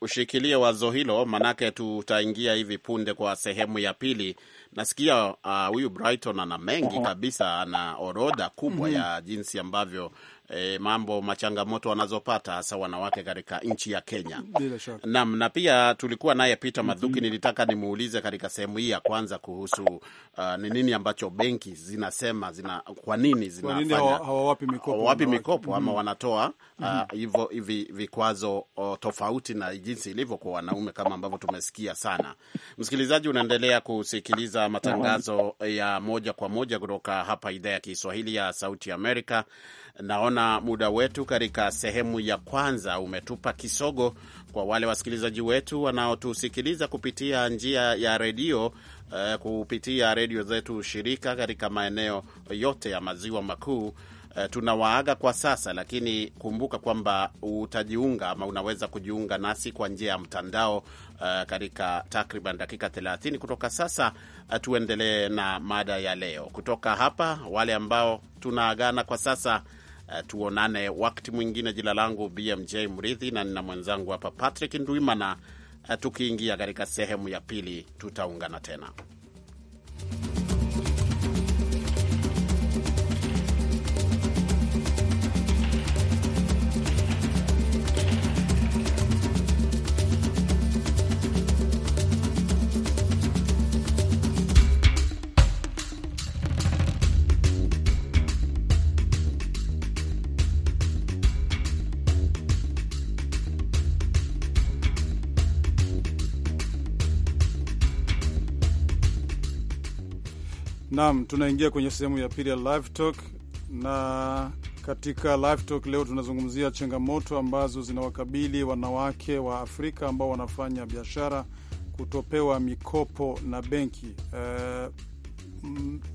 ushikilie wazo hilo, manake tutaingia hivi punde kwa sehemu ya pili. Nasikia ah, huyu uh, Brighton ana mengi uh -huh. kabisa, ana orodha kubwa mm -hmm. ya jinsi ambavyo e, mambo machangamoto wanazopata hasa wanawake katika nchi ya Kenya. Naam, na pia tulikuwa naye Peter mhm. Madhuki. mm -hmm. Nilitaka nimuulize katika sehemu hii ya kwanza kuhusu uh, ni uh, nini ambacho benki zinasema zina, kwa nini zinafanya hawawapi mikopo, mikopo ama mhm. wanatoa uh, mhm. hivyo uh, hivi vikwazo tofauti na jinsi ilivyo kwa wanaume kama ambavyo tumesikia sana. Msikilizaji, unaendelea kusikiliza matangazo ya moja kwa moja kutoka hapa idhaa ya Kiswahili ya Sauti ya Amerika. Naona muda wetu katika sehemu ya kwanza umetupa kisogo. Kwa wale wasikilizaji wetu wanaotusikiliza kupitia njia ya redio uh, kupitia redio zetu shirika katika maeneo yote ya maziwa makuu eh, tunawaaga kwa sasa, lakini kumbuka kwamba utajiunga ama unaweza kujiunga nasi kwa njia ya mtandao uh, katika takriban dakika 30 kutoka sasa. Uh, tuendelee na mada ya leo kutoka hapa. Wale ambao tunaagana kwa sasa Uh, tuonane wakati mwingine. Jina langu BMJ Mridhi na nina mwenzangu hapa Patrick Ndwimana. Uh, tukiingia katika sehemu ya pili tutaungana tena. Naam, tunaingia kwenye sehemu ya pili ya live talk, na katika live talk leo tunazungumzia changamoto ambazo zinawakabili wanawake wa Afrika ambao wanafanya biashara kutopewa mikopo na benki. Uh,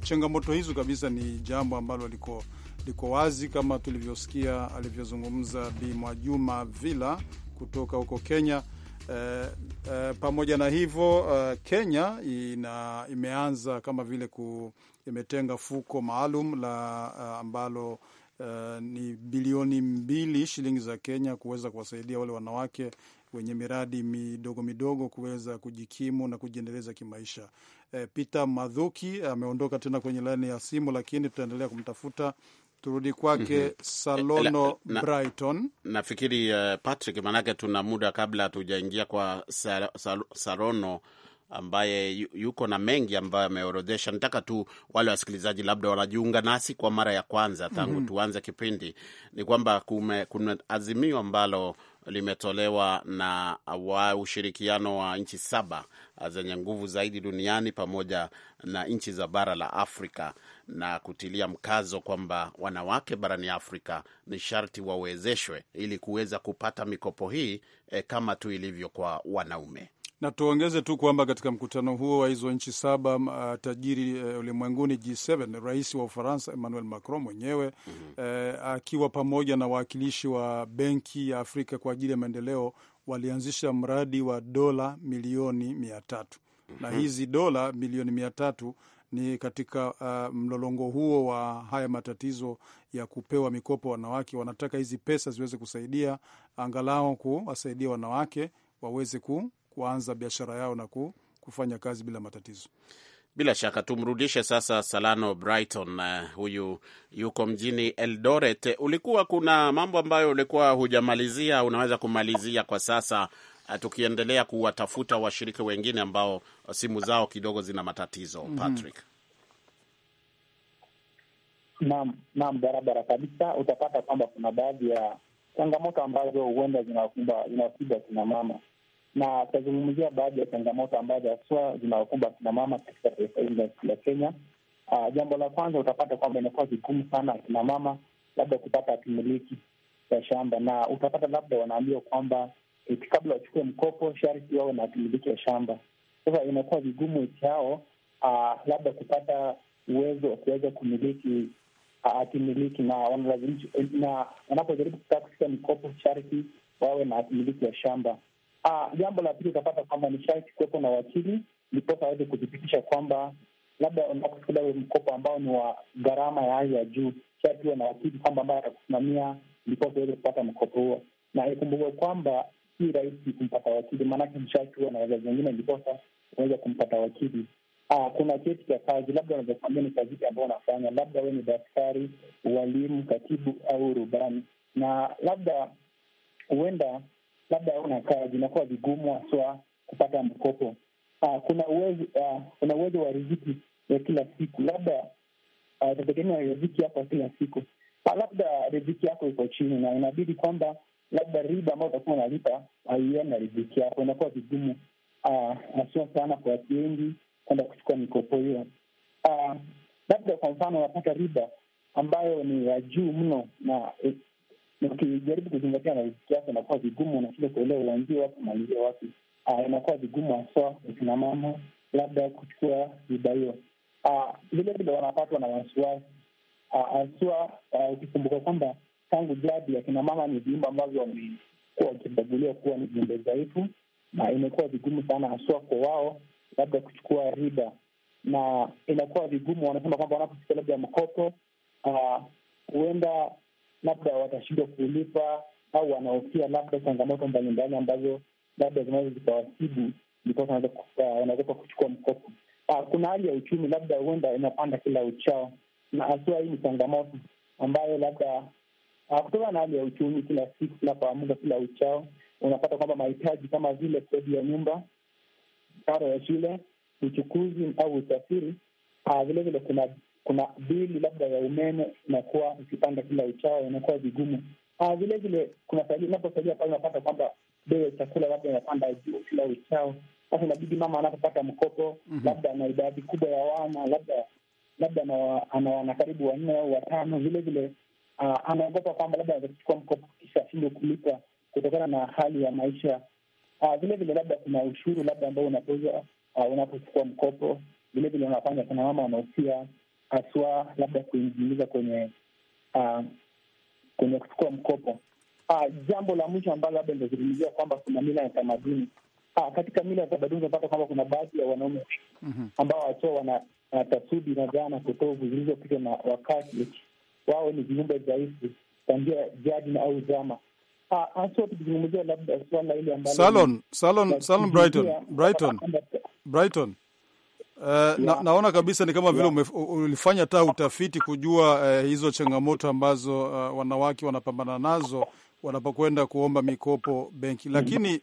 changamoto hizo kabisa ni jambo ambalo liko liko wazi kama tulivyosikia alivyozungumza Bi Mwajuma Vila kutoka huko Kenya Uh, uh, pamoja na hivyo uh, Kenya ina, imeanza kama vile ku, imetenga fuko maalum la uh, ambalo uh, ni bilioni mbili shilingi za Kenya kuweza kuwasaidia wale wanawake wenye miradi midogo midogo kuweza kujikimu na kujiendeleza kimaisha. Uh, Peter Madhuki ameondoka tena kwenye laini ya simu, lakini tutaendelea kumtafuta turudi kwake mm -hmm. Salono eh, na, Brighton nafikiri uh, Patrick, maanake tuna muda kabla hatujaingia kwa sal, sal, Salono ambaye yuko na mengi ambayo ameorodhesha. Nataka tu wale wasikilizaji labda wanajiunga nasi kwa mara ya kwanza tangu mm -hmm. tuanze kipindi, ni kwamba kuna azimio ambalo limetolewa na wa ushirikiano wa nchi saba zenye nguvu zaidi duniani pamoja na nchi za bara la Afrika na kutilia mkazo kwamba wanawake barani Afrika ni sharti wawezeshwe ili kuweza kupata mikopo hii e, kama tu ilivyo kwa wanaume na tuongeze tu kwamba katika mkutano huo wa hizo nchi saba uh, tajiri uh, ulimwenguni G7, rais wa Ufaransa Emmanuel Macron mwenyewe mm -hmm. uh, akiwa pamoja na wawakilishi wa benki ya Afrika kwa ajili ya maendeleo walianzisha mradi wa dola milioni mia tatu mm -hmm. na mhm. hizi dola milioni mia tatu ni katika uh, mlolongo huo wa haya matatizo ya kupewa mikopo wanawake, wanataka hizi pesa ziweze kusaidia angalau kuwasaidia wanawake waweze ku, kuanza biashara yao na ku, kufanya kazi bila matatizo. Bila shaka tumrudishe sasa Salano Brighton. Uh, huyu yuko mjini Eldoret. Ulikuwa kuna mambo ambayo ulikuwa hujamalizia, unaweza kumalizia kwa sasa Eh, tukiendelea kuwatafuta washirika wengine ambao eh, simu zao kidogo zina matatizo mhm. Patrick. Naam, naam, barabara kabisa. Utapata kwamba kuna baadhi ya changamoto ambazo huenda zinawakumba zinawakumba kina mama, na tutazungumzia baadhi ya changamoto ambazo haswa zinawakumba kina mama katika taifa hili la Kenya. Uh, jambo la kwanza utapata kwamba inakuwa vigumu sana kina mama labda kupata kimiliki cha shamba, na utapata labda wanaambiwa kwamba eti kabla wachukue mkopo sharti wawe na miliki ya shamba. Sasa inakuwa vigumu chao uh, ah, labda kupata uwezo wa kuweza kumiliki hatimiliki ah, na wanapojaribu kutaka kuchukua mikopo sharti wawe na hatimiliki ya shamba. Ah, jambo la pili, utapata kwamba ni sharti kuwepo na wakili, ndiposa aweze kuthibitisha kwamba labda unapochukua mkopo ambao ni wa gharama ya hali ya juu, sharti huwe na wakili kwamba ambaye atakusimamia, ndiposa uweze kupata mkopo huo, na ikumbukwe kwamba si rahisi kumpata wakili, maanake mshakiwa na wazazi wengine, ndiposa unaweza kumpata wakili. Aa, ah, kuna cheti cha kazi, labda unaweza kuambia ni kazi ambao unafanya, labda we ni daktari, walimu, katibu au rubani, na labda huenda labda una kazi, inakuwa vigumu haswa kupata mkopo. Ah, kuna uwezo uh, kuna uwezo wa riziki ya kila siku, labda itategemea riziki yako ya kila siku. labda riziki yako iko chini na inabidi kwamba labda riba ambayo utakuwa unalipa haiani na riziki yako, inakuwa vigumu ah, haswa sana kwa watu wengi kwenda kuchukua mikopo hiyo. Ah, labda kwa mfano unapata riba ambayo ni ya juu mno, na eh, ukijaribu kuzingatia na riziki yako inakuwa vigumu, unashindwa kuelewa uanzie wapi umalizie wapi. Ah, inakuwa vigumu haswa akina mama labda kuchukua riba hiyo. Vilevile wanapatwa na wasiwasi haswa, ukikumbuka kwamba tangu jadi akinamama ni viumbe ambavyo wamekuwa wakibaguliwa kuwa ni viumbe dhaifu, na imekuwa vigumu sana haswa kwa wao labda kuchukua riba, na inakuwa vigumu. Wanasema kwamba wanapofika labda mkopo ah, huenda uh, labda watashindwa kulipa au wanaofia labda changamoto mbalimbali ambazo labda zinaweza zikawasibu, ndiposa wanaogopa ah, kuchukua mkopo. Ah, kuna hali ya uchumi labda huenda inapanda kila uchao, na haswa hii ni changamoto ambayo labda Ah, kutokana na hali ya uchumi kila siku tunapoamuka kila uchao, unapata kwamba mahitaji kama vile kodi ya nyumba, karo ya shule, uchukuzi au usafiri, vilevile ah, kuna kuna bili labda ya umeme inakuwa ukipanda kila uchao, inakuwa vigumu. Ah, vilevile unaposaidia pale, unapata kwamba bei ya chakula labda inapanda juu kila uchao. Sasa inabidi mama anapopata mkopo, mhm. labda ana idadi kubwa ya wana, labda labda ana wana karibu wanne au watano, vilevile uh, ah, anaogopa kwamba labda atachukua mkopo kisha ashindwe kulipa kutokana na hali ya maisha. Uh, vile labda kuna ushuru labda ambao unapozwa uh, unapochukua mkopo. Vilevile unafanya kuna mama wanahusia haswa labda kuingiliza kwenye uh, kwenye kuchukua mkopo. Uh, jambo la mwisho ambalo labda nitazungumzia kwamba kuna mila ya tamaduni uh, katika mila ya tamaduni unapata kwamba kuna baadhi ya wanaume mhm. ambao wakiwa wana tasudi na dhana potovu zilizopitwa na wakati wao ni viumbe dhaifu tangia jadi na au zama. Ah, ah, tukizungumzia labda swala hili ambalo Salon Salon Salon Brighton Brighton Brighton Uh, yeah. Na, naona kabisa ni kama vile yeah. Ulifanya ta utafiti kujua uh, hizo changamoto ambazo uh, wanawake wanapambana nazo wanapokwenda kuomba mikopo benki, mm-hmm. lakini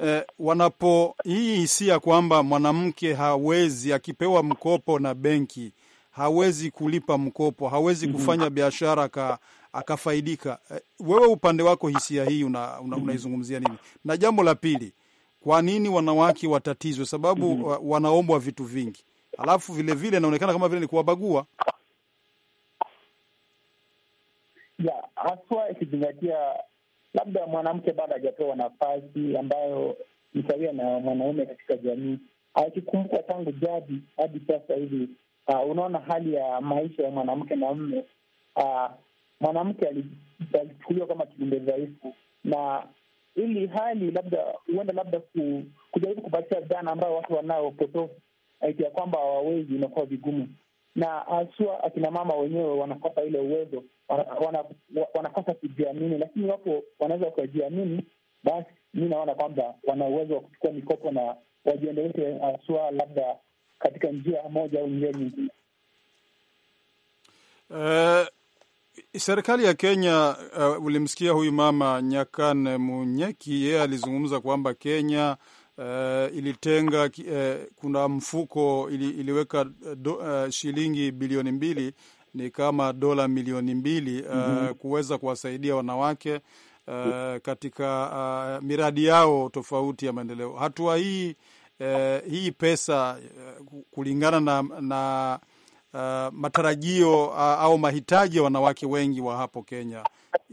uh, wanapo hii hisia kwamba mwanamke hawezi akipewa mkopo na benki hawezi kulipa mkopo, hawezi mhm. kufanya biashara akafaidika. Eh, wewe upande wako hisia hii unaizungumzia una, una mhm. nini? Na jambo la pili, kwa nini wanawake watatizwe? Sababu mhm. wanaombwa vitu vingi, alafu vilevile inaonekana kama vile ni kuwabagua haswa ikizingatia labda mwanamke bado hajapewa nafasi ambayo ni sawia na mwanaume katika jamii, akikumbukwa tangu jadi hadi sasa hivi uh, unaona hali ya maisha ya mwanamke na mme. Uh, ah, mwanamke alichukuliwa kama kiumbe dhaifu, na ili hali labda huenda labda ku, kujaribu kupatia dhana ambayo watu wanao potofu aiti ya kwamba hawawezi inakuwa vigumu, na haswa akina mama wenyewe wanakosa ile uwezo, wanakosa wana, wana kujiamini, lakini wapo wanaweza wakajiamini, basi mi naona kwamba wana uwezo wa kuchukua mikopo na wajiendeleshe haswa labda katika njia moja au njia nyingine. Uh, serikali ya Kenya uh, ulimsikia huyu mama Nyakan Munyeki, yeye alizungumza kwamba Kenya Uh, ilitenga uh, kuna mfuko ili, iliweka do, uh, shilingi bilioni mbili ni kama dola milioni mbili uh, mm -hmm. kuweza kuwasaidia wanawake uh, katika uh, miradi yao tofauti ya maendeleo. Hatua hii eh, hii pesa eh, kulingana na, na uh, matarajio uh, au mahitaji ya wanawake wengi wa hapo Kenya,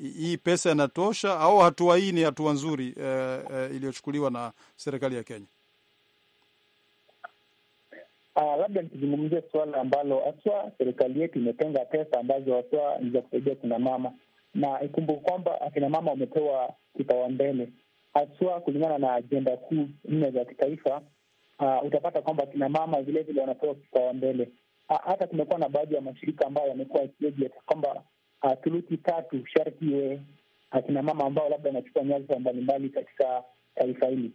hii pesa inatosha au hatua hii ni hatua nzuri eh, eh, iliyochukuliwa na serikali ya Kenya? Uh, labda nikizungumzia suala ambalo haswa serikali yetu imetenga pesa ambazo haswa ni za kusaidia kina mama, na ikumbuke kwamba akina mama wamepewa kipaumbele haswa kulingana na ajenda kuu nne za kitaifa uh, utapata kwamba kina mama vilevile wanapewa kipaumbele. Ah, hata kumekuwa na baadhi ya mashirika ambayo yamekuwa yakiegeta kwamba uh, thuluthi tatu sharti iwe kina mama ambao labda wanachukua nyadhifa mbalimbali katika taifa hili.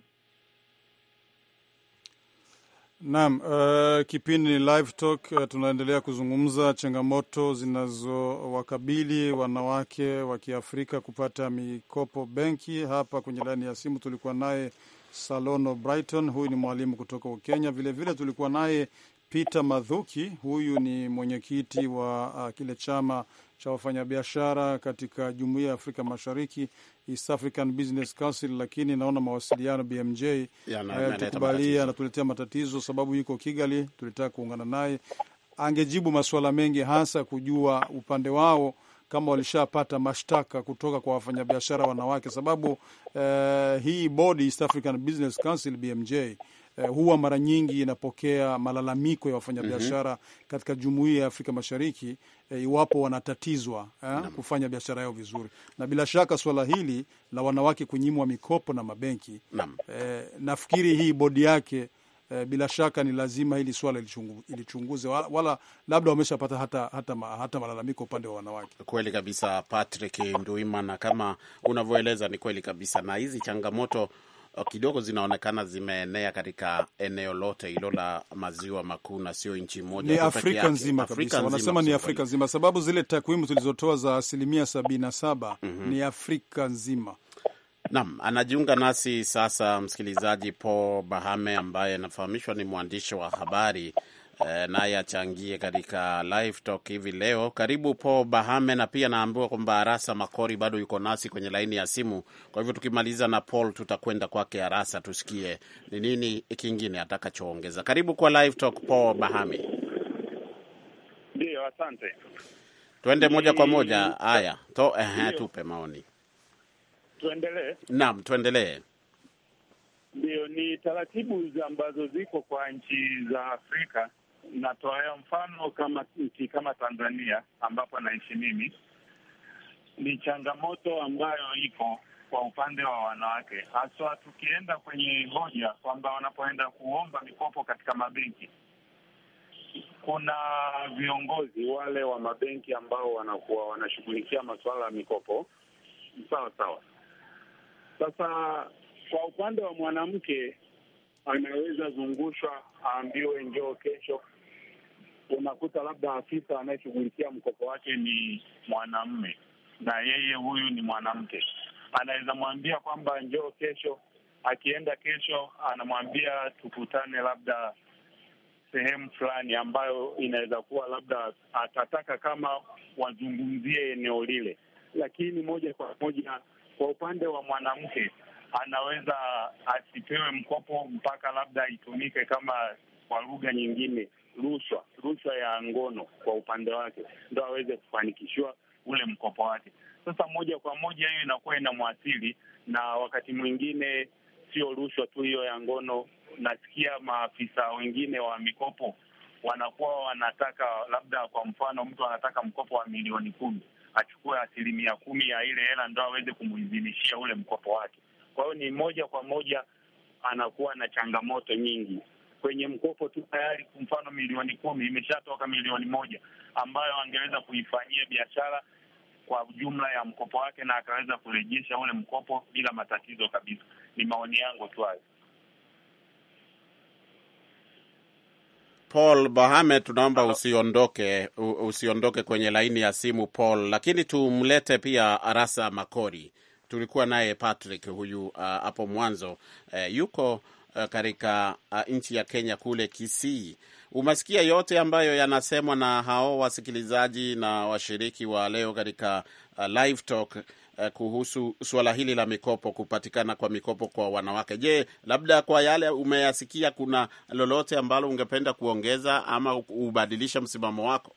Naam, uh, kipindi ni Live Talk. Uh, tunaendelea kuzungumza changamoto zinazowakabili wanawake wa Kiafrika kupata mikopo benki. Hapa kwenye laini ya simu tulikuwa naye Salono Brighton, huyu ni mwalimu kutoka Kenya. Vilevile tulikuwa naye Peter Madhuki, huyu ni mwenyekiti wa uh, kile chama cha wafanyabiashara katika jumuiya ya Afrika Mashariki, East African Business Council, lakini naona mawasiliano BMJ hayatukubalia anatuletea matatizo, sababu yuko Kigali. Tulitaka kuungana naye, angejibu masuala mengi, hasa kujua upande wao kama walishapata mashtaka kutoka kwa wafanyabiashara wanawake, sababu eh, hii bodi East African Business Council BMJ eh, huwa mara nyingi inapokea malalamiko ya wafanyabiashara mm -hmm. katika jumuiya ya Afrika Mashariki eh, iwapo wanatatizwa eh, kufanya biashara yao vizuri, na bila shaka suala hili la wanawake kunyimwa mikopo na mabenki eh, nafikiri hii bodi yake Eh, bila shaka ni lazima hili swala ilichunguze, wala, wala labda wameshapata hata, hata, hata malalamiko upande wa wanawake. Kweli kabisa, Patrick Nduimana, kama unavyoeleza ni kweli kabisa, na hizi changamoto eh, kidogo zinaonekana zimeenea katika eneo lote hilo la maziwa makuu na sio nchi moja, ni Afrika nzima kabisa. Wanasema ni Afrika nzima, sababu zile takwimu tulizotoa za asilimia sabini na saba mm -hmm. ni Afrika nzima Naam, anajiunga nasi sasa msikilizaji Paul Bahame ambaye anafahamishwa ni mwandishi wa habari e, naye achangie katika live talk hivi leo. Karibu Paul Bahame, na pia naambiwa kwamba Arasa Makori bado yuko nasi kwenye laini ya simu. Kwa hivyo tukimaliza na Paul tutakwenda kwake Arasa tusikie ni nini kingine atakachoongeza. Karibu kwa live talk Paul Bahame. Ndio, asante. Tuende moja kwa moja haya to, eh, tupe maoni Tuendelee? Naam, tuendelee. Ndio, ni taratibu ambazo ziko kwa nchi za Afrika. Natoa mfano kama nchi kama Tanzania ambapo naishi mimi, ni changamoto ambayo iko kwa upande wa wanawake, haswa tukienda kwenye hoja kwamba wanapoenda kuomba mikopo katika mabenki, kuna viongozi wale wa mabenki ambao wanakuwa wanashughulikia masuala ya mikopo sawa sawa sasa kwa upande wa mwanamke, anaweza zungushwa, aambiwe njoo kesho. Unakuta labda afisa anayeshughulikia mkopo wake ni mwanamme na yeye huyu ni mwanamke, anaweza mwambia kwamba njoo kesho. Akienda kesho, anamwambia tukutane labda sehemu fulani ambayo inaweza kuwa labda atataka kama wazungumzie eneo lile, lakini moja kwa moja kwa upande wa mwanamke, anaweza asipewe mkopo mpaka labda itumike kama kwa lugha nyingine rushwa, rushwa ya ngono kwa upande wake, ndo aweze kufanikishiwa ule mkopo wake. Sasa moja kwa moja hiyo inakuwa inamwathiri, na wakati mwingine sio rushwa tu hiyo ya ngono. Nasikia maafisa wengine wa mikopo wanakuwa wanataka labda, kwa mfano, mtu anataka mkopo wa milioni kumi achukue asilimia kumi ya ile hela ndo aweze kumuidhinishia ule mkopo wake. Kwa hiyo ni moja kwa moja anakuwa na changamoto nyingi kwenye mkopo tu tayari. Kwa mfano milioni kumi imeshatoka milioni moja ambayo angeweza kuifanyia biashara kwa jumla ya mkopo wake, na akaweza kurejesha ule mkopo bila matatizo kabisa. Ni maoni yangu tu hayo. Paul Bahame, tunaomba usiondoke, usiondoke kwenye laini ya simu Paul, lakini tumlete pia Arasa Makori. Tulikuwa naye Patrick huyu uh, hapo uh, mwanzo uh, yuko uh, katika uh, nchi ya Kenya kule Kisii. Umesikia yote ambayo yanasemwa na hao wasikilizaji na washiriki wa leo katika uh, live talk Eh, kuhusu suala hili la mikopo, kupatikana kwa mikopo kwa wanawake. Je, labda kwa yale umeyasikia, kuna lolote ambalo ungependa kuongeza ama ubadilisha msimamo wako?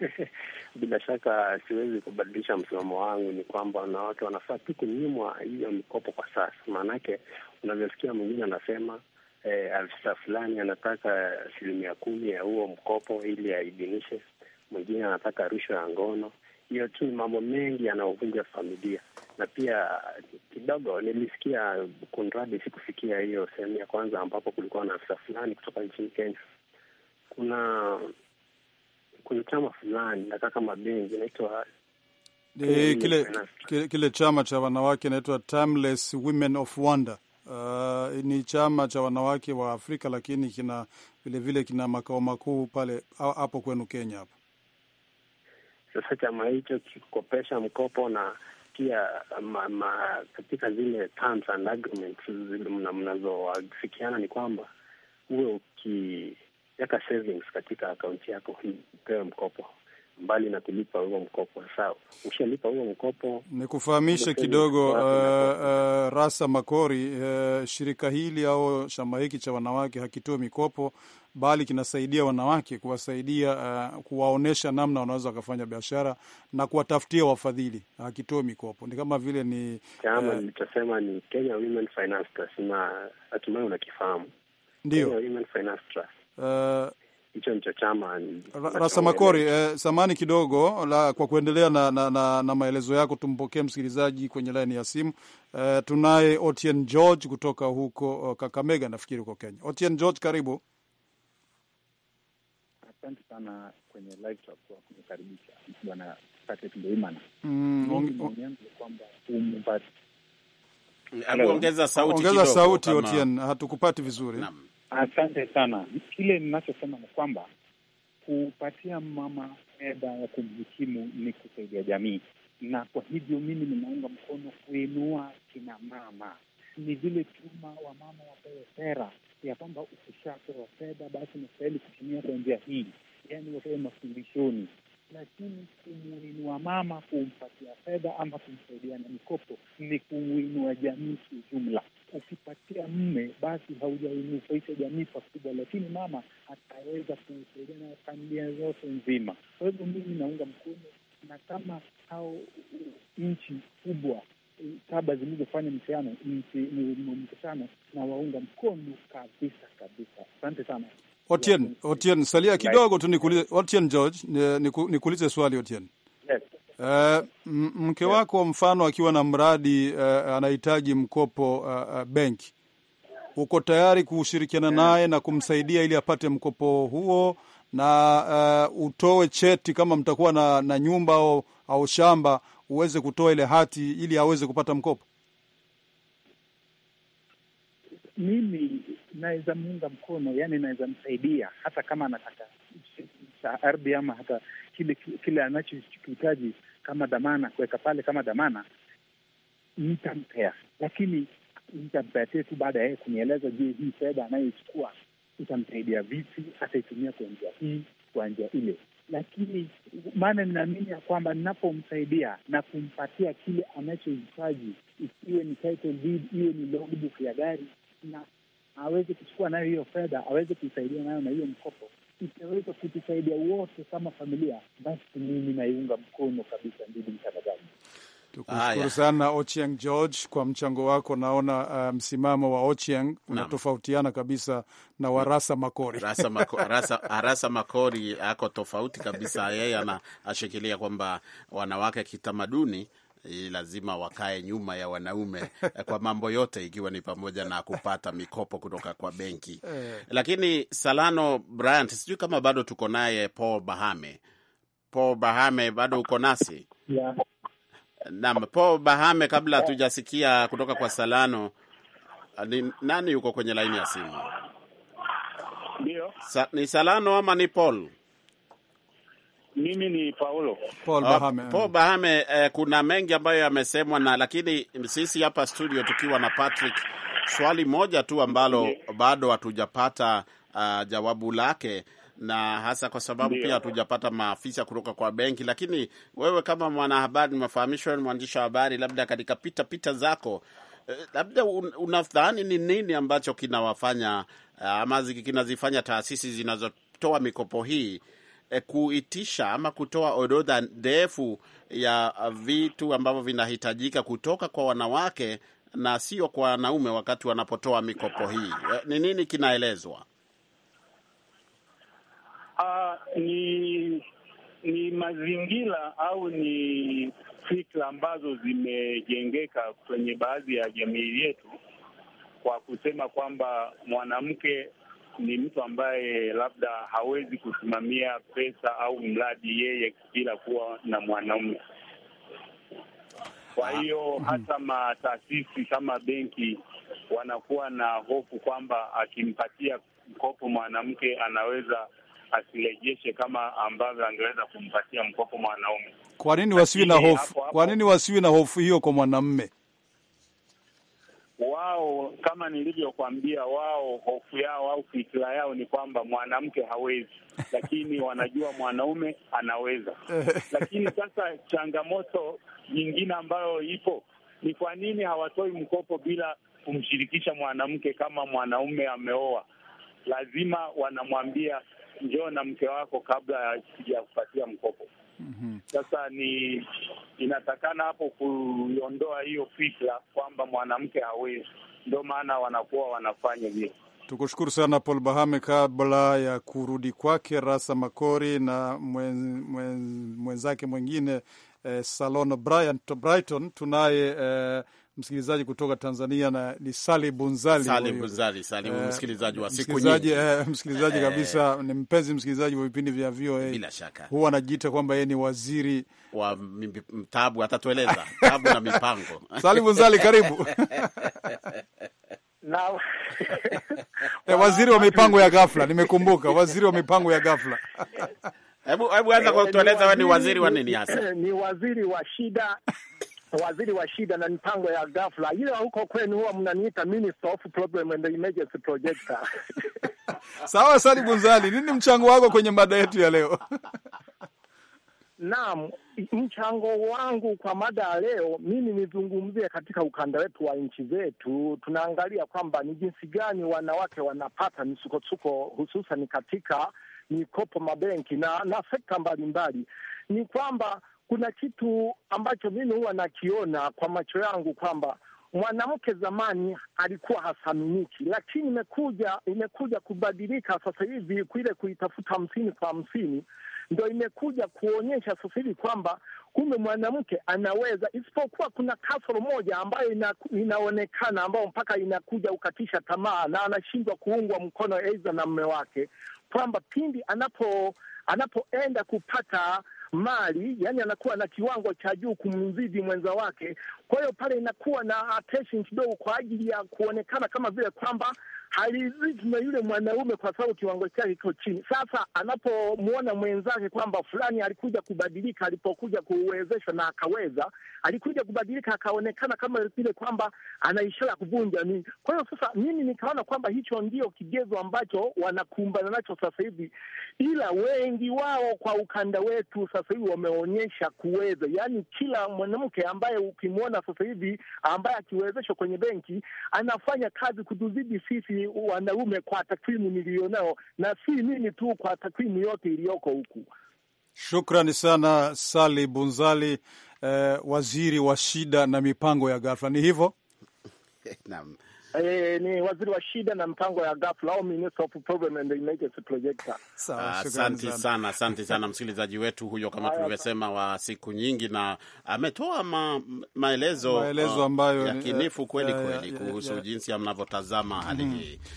Bila shaka siwezi kubadilisha msimamo wangu, ni kwamba wanawake wanafaa tu kunyimwa hiyo mikopo kwa sasa. Maanake unavyosikia mwingine anasema eh, afisa fulani anataka asilimia kumi ya huo mkopo ili aidhinishe, mwingine anataka rushwa ya ngono hiyo tu mambo mengi yanayovunja familia. Na pia kidogo nilisikia kunradi, sikufikia hiyo sehemu ya kwanza, ambapo kulikuwa na afisa fulani kutoka nchini Kenya. Kuna kuna chama fulani nakaa kama inaitwa kile, kile kile chama cha wanawake inaitwa Timeless Women of Wonder. Uh, ni chama cha wanawake wa Afrika, lakini kina vilevile kina makao makuu pale hapo kwenu Kenya hapo sasa chama hicho kikopesha mkopo na pia ma, ma, katika zile terms and agreements ni kwamba uwe ukiweka savings katika akaunti yako hii upewe mkopo mbali na kulipa huo mkopo. Sasa ukishalipa huo mkopo, nikufahamishe kidogo. Uh, uh, Rasa Makori, uh, shirika hili au chama hiki cha wanawake hakitoe mikopo, bali kinasaidia wanawake kuwasaidia, uh, kuwaonyesha namna wanaweza wakafanya biashara na kuwatafutia wafadhili. Hakitoe mikopo, ni kama vile ni chama nilichosema, uh, ni Kenya Women Finance Trust. hatimaye unakifahamu, ndio Kenya Women Finance Trust. Uh, hicho cha chama Rasa Makori. Eh, samani kidogo la, kwa kuendelea na, na, na, na maelezo yako, tumpokee msikilizaji kwenye laini ya simu eh, tunaye Otieno George kutoka huko eh, Kakamega, nafikiri huko Kenya. Otieno George, karibu. Asante sana kwenye live talk kwa kunikaribisha bwana Patrick Ndoimana. Mm, kwamba ongeza sauti, ongeza sauti Otieno, hatukupati vizuri Nam. Asante sana. Kile ninachosema ni kwamba kupatia mama fedha ya kumhikimu ni kusaidia jamii, na kwa hivyo mimi ninaunga mkono kuinua kina mama. Ni vile tuma mama wapewe sera ya kwamba ukishapewa fedha, basi unastahili kutumia kwa njia hii, yaani wapewe mafundishoni lakini kumuinua mama, kumpatia fedha ama kumsaidia na mikopo ni kumuinua jamii kiujumla ukipatia mme basi haujainufaisha jamii pakubwa, lakini mama ataweza kusaidia na familia zote nzima. Kwa hivyo mimi naunga mkono, na kama hao nchi kubwa saba zilizofanya mkutano na waunga mkono kabisa kabisa. Asante sana Otien, Otien, salia kidogo tu nikuulize, Otien George, nikuulize swali Otien. Eh, mke wako mfano akiwa na mradi uh, anahitaji mkopo uh, uh, benki, uko tayari kushirikiana naye na kumsaidia ili apate mkopo huo na uh, utoe cheti kama mtakuwa na, na nyumba au, au shamba uweze kutoa ile hati ili aweze kupata mkopo? Mimi naweza muunga mkono, yani naweza msaidia hata kama anataka cha ardhi ama hata kile kile anachokihitaji kama dhamana, kuweka pale kama dhamana, nitampea, lakini nitampea tu baada ya yeye kunieleza, je, hii fedha anayoichukua itamsaidia vipi, ataitumia kwa njia hii, kwa njia ile. Lakini maana ninaamini ya kwamba ninapomsaidia na kumpatia kile anachohitaji, iwe ni title deed, iwe ni logbook ya gari, na aweze kuchukua nayo hiyo fedha, aweze kuisaidia nayo na hiyo mkopo itaweza kutusaidia wote kama familia, basi mimi naiunga mkono kabisa. Ndidi mtangazaji, tukushukuru sana Ochieng George kwa mchango wako. Naona uh, msimamo wa Ochieng unatofautiana kabisa na warasa Makori. Rasa Mako, Rasa, Rasa Makori ako tofauti kabisa, yeye anashikilia kwamba wanawake kitamaduni lazima wakae nyuma ya wanaume kwa mambo yote, ikiwa ni pamoja na kupata mikopo kutoka kwa benki. Eh. Lakini Salano Bryant, sijui kama bado tuko naye Paul Bahame. Paul Bahame, bado uko nasi? Naam, Paul Bahame, kabla hatujasikia kutoka kwa Salano, ni nani yuko kwenye laini ya simu? Ndio. Sa, ni Salano ama ni Paul? Mimi ni Paulo Paul ah, Bahame. Paul Bahame, eh, kuna mengi ambayo yamesemwa na lakini sisi hapa studio tukiwa na Patrick, swali moja tu ambalo bado hatujapata uh, jawabu lake na hasa kwa sababu pia hatujapata maafisa kutoka kwa benki. Lakini wewe kama mwanahabari, mafahamisho, mwandishi wa habari, labda katika pita pita zako, eh, labda unadhani ni nini ambacho kinawafanya ah, ama kinazifanya taasisi zinazotoa mikopo hii Eh, kuitisha ama kutoa orodha ndefu ya eh, vitu ambavyo vinahitajika kutoka kwa wanawake na sio kwa wanaume wakati wanapotoa mikopo hii. Eh, ni nini kinaelezwa? Uh, ni ni mazingira au ni fikra ambazo zimejengeka kwenye baadhi ya jamii yetu kwa kusema kwamba mwanamke ni mtu ambaye labda hawezi kusimamia pesa au mradi yeye bila kuwa na mwanaume. Kwa hiyo ah, hmm. hata mataasisi kama benki wanakuwa na hofu kwamba akimpatia mkopo mwanamke anaweza asirejeshe kama ambavyo angeweza kumpatia mkopo mwanaume. Kwa nini wasiwi na hofu? Kwa nini na hofu hiyo kwa mwanamme? wao kama nilivyokwambia, wao hofu yao au fikira yao ni kwamba mwanamke hawezi, lakini wanajua mwanaume anaweza. Lakini sasa changamoto nyingine ambayo ipo ni kwa nini hawatoi mkopo bila kumshirikisha mwanamke? Kama mwanaume ameoa, lazima wanamwambia njoo na mke wako kabla ya kupatia mkopo. Mm-hmm. Sasa ni inatakana hapo kuiondoa hiyo fikra kwamba mwanamke hawezi, ndio maana wanakuwa wanafanya hivyo. Tukushukuru sana Paul Bahame. Kabla ya kurudi kwake Rasa Makori na mwen, mwen, mwenzake mwingine eh, Salono Brian Brighton, tunaye eh, msikilizaji kutoka Tanzania na ni Sali Bunzali, Sali Bunzali, Sali eh, msikilizaji wa siku nyingi, eh, msikilizaji eh. kabisa, ni mpenzi msikilizaji wa vipindi vya VOA. Bila shaka huwa anajiita kwamba yeye ni waziri wa mtabu, atatueleza tabu na mipango. Sali Bunzali, karibu na waziri wa mipango ya ghafla, nimekumbuka waziri wa mipango ya ghafla. Hebu hebu anza kwa kutueleza, wewe ni waziri wa nini hasa? Ni waziri wa shida waziri wa shida na mipango ya ghafla ile. Huko kwenu huwa mnaniita minister of problem and emergency projector. Sawa, Sali Bunzali, nini mchango wako kwenye mada yetu ya leo? Naam, mchango wangu kwa mada ya leo, mimi nizungumzie katika ukanda wetu wa nchi zetu, tunaangalia kwamba ni jinsi gani wanawake wanapata misukosuko, hususan katika mikopo mabenki na na sekta mbalimbali. Ni kwamba kuna kitu ambacho mimi huwa nakiona kwa macho yangu kwamba mwanamke zamani alikuwa hasaminiki, lakini imekuja imekuja kubadilika sasa hivi, kuile kuitafuta hamsini kwa hamsini ndo imekuja kuonyesha sasa hivi kwamba kumbe mwanamke anaweza, isipokuwa kuna kasoro moja ambayo ina, inaonekana ambayo mpaka inakuja ukatisha tamaa na anashindwa kuungwa mkono aidha na mme wake, kwamba pindi anapo anapoenda kupata mali, yani anakuwa na kiwango cha juu kumzidi mwenza wake kwa hiyo pale inakuwa na attention kidogo kwa ajili ya kuonekana kama vile kwamba haliziki na yule mwanaume kwa sababu kiwango chake kiko chini. Sasa anapomwona mwenzake kwamba fulani alikuja kubadilika, alipokuja kuwezeshwa na akaweza, alikuja kubadilika akaonekana kama vile kwamba ana ishara ya kuvunja nini. Kwa hiyo sasa mimi nikaona kwamba hicho ndio kigezo ambacho wanakumbana nacho sasa hivi, ila wengi wao kwa ukanda wetu sasa hivi wameonyesha kuweza, yaani kila mwanamke ambaye ukimwona fedha sasa hivi ambaye akiwezeshwa kwenye benki anafanya kazi kutuzidi sisi wanaume kwa takwimu niliyonao, na si mimi tu, kwa takwimu yote iliyoko huku. Shukrani sana Sali Bunzali, eh, waziri wa shida na mipango ya ghafla. Ni hivyo naam. E, ni waziri wa shida na mpango ya ghafla au Minister of Program and Emergency Projector. Ah, asante sana, asante sana msikilizaji wetu huyo, kama tulivyosema, wa siku nyingi na ametoa ma, maelezo, maelezo oh, ambayo yakinifu kweli eh, kweli kuhusu jinsi mnavyotazama hali mm-hmm. hii mm.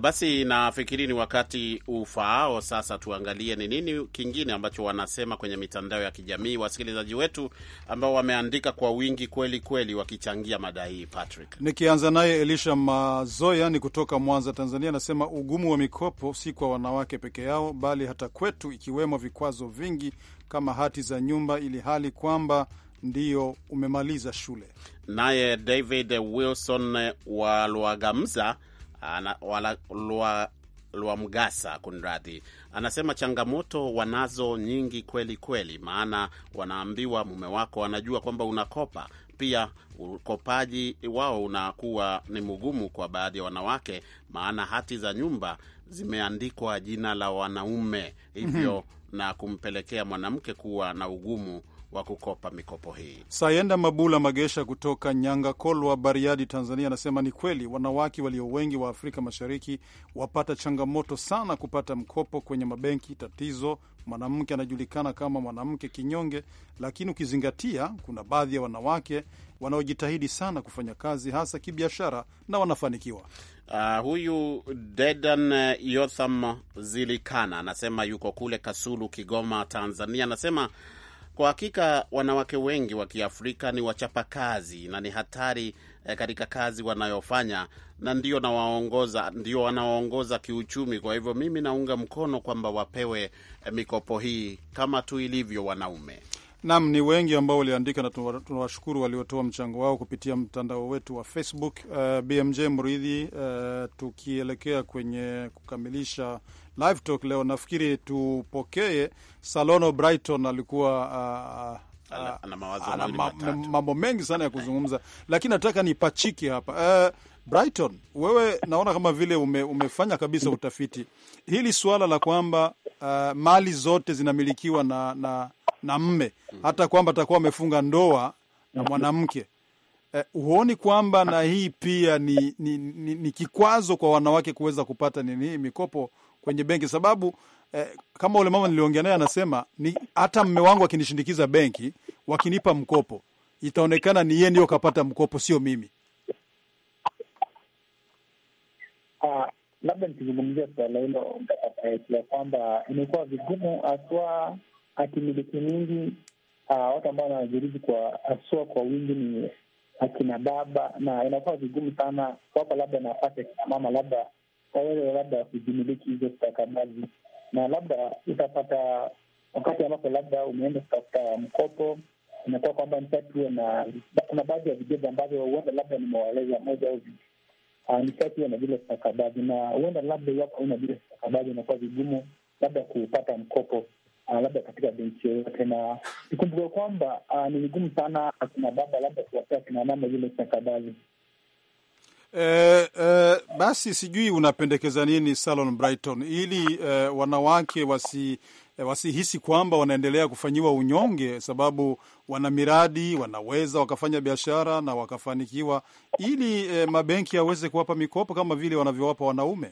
Basi nafikiri ni wakati ufaao sasa, tuangalie ni nini kingine ambacho wanasema kwenye mitandao ya kijamii wasikilizaji wetu ambao wameandika kwa wingi kweli kweli, wakichangia mada hii. Patrick, nikianza naye Elisha Mazoya ni kutoka Mwanza, Tanzania, anasema ugumu wa mikopo si kwa wanawake peke yao, bali hata kwetu, ikiwemo vikwazo vingi kama hati za nyumba, ili hali kwamba ndio umemaliza shule. Naye David Wilson wa Lwagamza Lwamgasa kunradhi, anasema changamoto wanazo nyingi kweli kweli, maana wanaambiwa mume wako anajua kwamba unakopa. Pia ukopaji wao unakuwa ni mgumu kwa baadhi ya wanawake, maana hati za nyumba zimeandikwa jina la wanaume hivyo mhm. na kumpelekea mwanamke kuwa na ugumu wa kukopa mikopo hii. Sayenda Mabula Magesha kutoka Nyanga Kolwa, Bariadi, Tanzania, anasema ni kweli wanawake walio wengi wa Afrika Mashariki wapata changamoto sana kupata mkopo kwenye mabenki. Tatizo mwanamke anajulikana kama mwanamke kinyonge, lakini ukizingatia kuna baadhi ya wanawake wanaojitahidi sana kufanya kazi hasa kibiashara na wanafanikiwa. Uh, huyu Dedan eh, Yotham Zilikana anasema yuko kule Kasulu, Kigoma, Tanzania, anasema kwa hakika wanawake wengi wa Kiafrika ni wachapakazi na ni hatari eh, katika kazi wanayofanya na ndio nawaongoza, ndio wanawaongoza kiuchumi. Kwa hivyo mimi naunga mkono kwamba wapewe eh, mikopo hii kama tu ilivyo wanaume. Naam, ni wengi ambao waliandika na tunawashukuru waliotoa mchango wao kupitia mtandao wetu wa Facebook. Uh, eh, BMJ Mridhi, uh, tukielekea kwenye kukamilisha live talk leo. Nafikiri tupokee Salono Brighton, alikuwa uh, ana, ana ana ma, mambo mengi sana ya kuzungumza, lakini nataka nipachiki hapa uh, Brighton, wewe naona kama vile ume, umefanya kabisa utafiti hili suala la kwamba uh, mali zote zinamilikiwa na, na, na mme, hata kwamba atakuwa amefunga ndoa na mwanamke uh, huoni kwamba na hii pia ni, ni, ni, ni kikwazo kwa wanawake kuweza kupata nini mikopo kwenye benki, sababu eh, kama ule mama niliongea naye anasema ni hata mme wangu akinishindikiza benki, wakinipa mkopo itaonekana ni yeye ndio kapata mkopo, sio mimi. Uh, labda nikizungumzia suala hilo ya eh, kwamba imekuwa vigumu haswa akimiliki mingi. Uh, watu ambao wanawajirizi kwa haswa kwa wingi ni akina baba, na inakuwa vigumu sana kuwapa labda nafasi ya kina mama labda kwa wale labda wasijimiliki hizo stakabadhi, na labda utapata wakati ambapo labda umeenda kutafuta mkopo, inakuwa kwamba nishatuwe na kuna baadhi ya vigezo ambavyo huenda labda nimewaeleza moja au vivi ah, nishatuwe na vile stakabadhi, na huenda labda iwapo hauna vile stakabadhi inakuwa vigumu labda kupata mkopo ah, labda katika benki yoyote, na ikumbuke kwamba ah, ni vigumu sana akina baba labda kuwapea akina mama zile stakabadhi E, e, basi sijui unapendekeza nini Salon Brighton ili e, wanawake wasi e, wasihisi kwamba wanaendelea kufanyiwa unyonge, sababu wana miradi, wanaweza wakafanya biashara na wakafanikiwa, ili e, mabenki yaweze kuwapa mikopo kama vile wanavyowapa wanaume.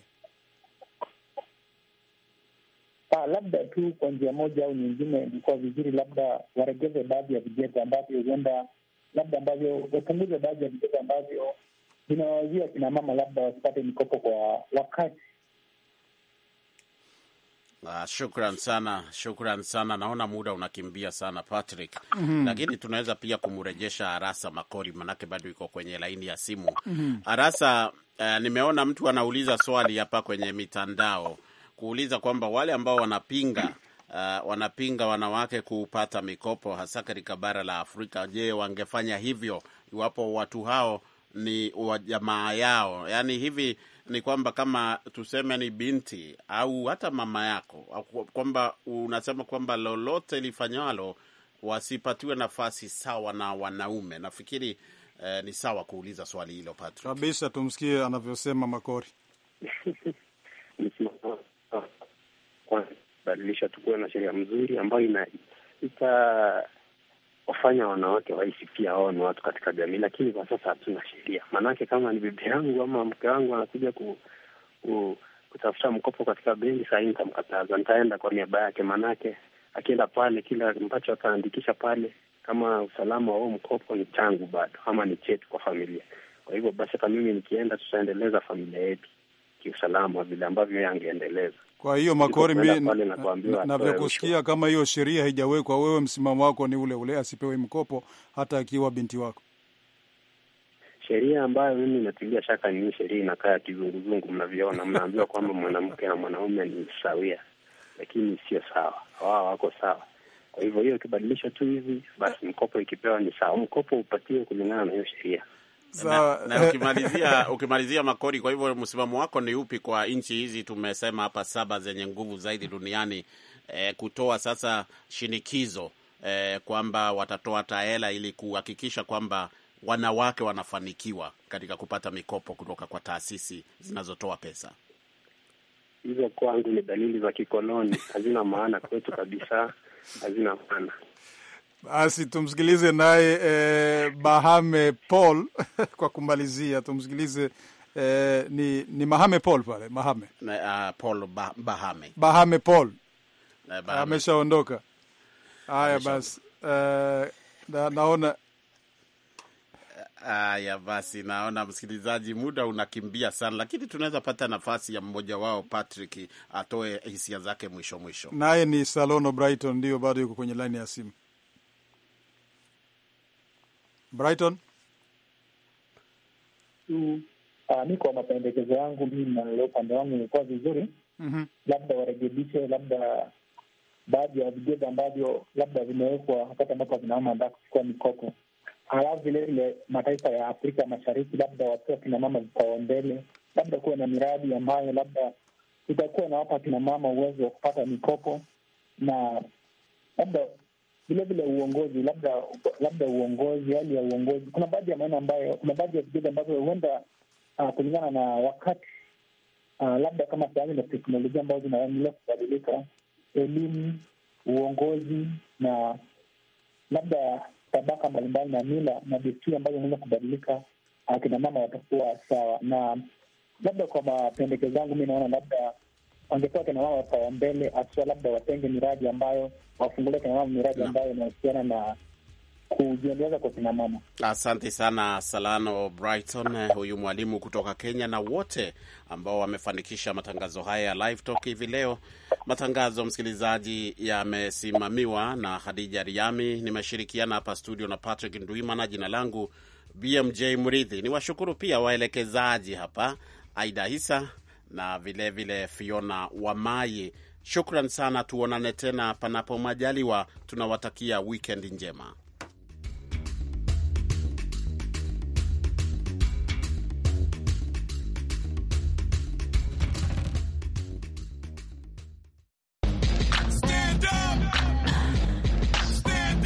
Ah, labda tu kwa njia moja au nyingine ilikuwa vizuri, labda waregeze baadhi ya vigezo ambavyo huenda labda ambavyo wapunguze baadhi ya vigezo ambavyo vinawawazia kinamama mama labda wasipate mikopo kwa wakati. Uh, shukran sana, shukran sana. Naona muda unakimbia sana Patrick, mm -hmm. Lakini tunaweza pia kumrejesha Arasa Makori, manake bado iko kwenye laini ya simu mm -hmm. Arasa, uh, nimeona mtu anauliza swali hapa kwenye mitandao kuuliza kwamba wale ambao wanapinga uh, wanapinga wanawake kupata mikopo hasa katika bara la Afrika, je, wangefanya hivyo iwapo watu hao ni wa jamaa yao. Yaani hivi ni kwamba kama tuseme ni binti au hata mama yako, kwamba unasema kwamba lolote lifanyalo wasipatiwe nafasi sawa na wanaume. Nafikiri eh, ni sawa kuuliza swali hilo Patrick. Kabisa, tumsikie anavyosema Makori. Badilisha, tukuwe na sheria mzuri ambayo ita wafanya wanawake wahisi pia wao ni watu katika jamii, lakini kwa sasa hatuna sheria. Maanake kama ni bibi yangu ama mke wangu anakuja ku, ku, kutafuta mkopo katika benki, saa hii nitamkataza, nitaenda kwa niaba yake. Maanake akienda pale, kile ambacho ataandikisha pale kama usalama wa huo mkopo ni changu bado, ama ni chetu kwa familia. Kwa hivyo basi, hata mimi nikienda, tutaendeleza familia yetu kiusalama vile ambavyo yangeendeleza kwa hiyo makori navyokusikia na, kama hiyo sheria haijawekwa, wewe msimamo wako ni ule ule, asipewe mkopo hata akiwa binti wako. Sheria ambayo mimi inatilia shaka ni sheria inakaa ya kizunguzungu, mnavyoona, mnaambiwa kwamba mwanamke na mwanaume ni sawia, lakini sio sawa, wao wako sawa. Kwa hivyo hiyo ikibadilishwa tu hivi, basi mkopo ikipewa ni sawa, mkopo upatiwe kulingana na hiyo sheria na, na ukimalizia, ukimalizia Makori, kwa hivyo msimamo wako ni upi kwa nchi hizi tumesema hapa saba zenye nguvu zaidi duniani eh, kutoa sasa shinikizo eh, kwamba watatoa taela ili kuhakikisha kwamba wanawake wanafanikiwa katika kupata mikopo kutoka kwa taasisi zinazotoa pesa hizo? Kwangu ni dalili za kikoloni, hazina maana kwetu kabisa, hazina maana. Basi tumsikilize naye eh, Bahame Paul kwa kumalizia, tumsikilize eh, ni, ni Mahame Paul pale Mahame uh, Paul ba Bahame Bahame Paul eh, ameshaondoka. Haya basi eh, na, naona Haya basi, naona msikilizaji, muda unakimbia sana, lakini tunaweza pata nafasi ya mmoja wao Patrick atoe hisia zake mwisho mwisho. Naye ni Salono Brighton, ndio bado yuko kwenye laini ya simu. Brighton. Mm. Uh, mi kwa mapendekezo yangu mi nalolea upande wangu imekuwa vizuri mm -hmm. Labda warekebishe labda baadhi ya vigezo ambavyo labda vimewekwa wakati ambapo akinamama anataka kuchukua mikopo. Halafu vilevile mataifa ya Afrika Mashariki labda wapewa akinamama vipaumbele, labda kuwe na miradi ambayo labda itakuwa nawapa akinamama uwezo wa kupata mikopo na labda vilevile uongozi, labda labda uongozi, hali ya uongozi. Kuna baadhi ya maeneo ambayo, kuna baadhi ya vigezo ambavyo huenda uh, kulingana na wakati uh, labda kama sayansi na teknolojia ambazo zinaendelea kubadilika, elimu, uongozi na labda tabaka mbalimbali na mila na desturi ambazo zinaweza kubadilika, akina ah, mama watakuwa sawa. Na labda kwa mapendekezo yangu, mi naona labda wangekuwa kina mama wakawa mbele asiwa labda watenge miradi ambayo wafungulie kina mama miradi ambayo inahusiana na kujiendeleza kwa kina mama. Asante sana Salano Brighton, eh, huyu mwalimu kutoka Kenya, na wote ambao wamefanikisha matangazo haya ya Live Talk hivi leo. Matangazo msikilizaji, yamesimamiwa na Khadija Riami, nimeshirikiana hapa studio na Patrick Ndwimana. Jina langu BMJ Mridhi. Ni washukuru pia waelekezaji hapa Aida Hisa na vilevile vile Fiona Wamai. Shukran sana, tuonane tena panapo majaliwa. Tunawatakia wikendi njema.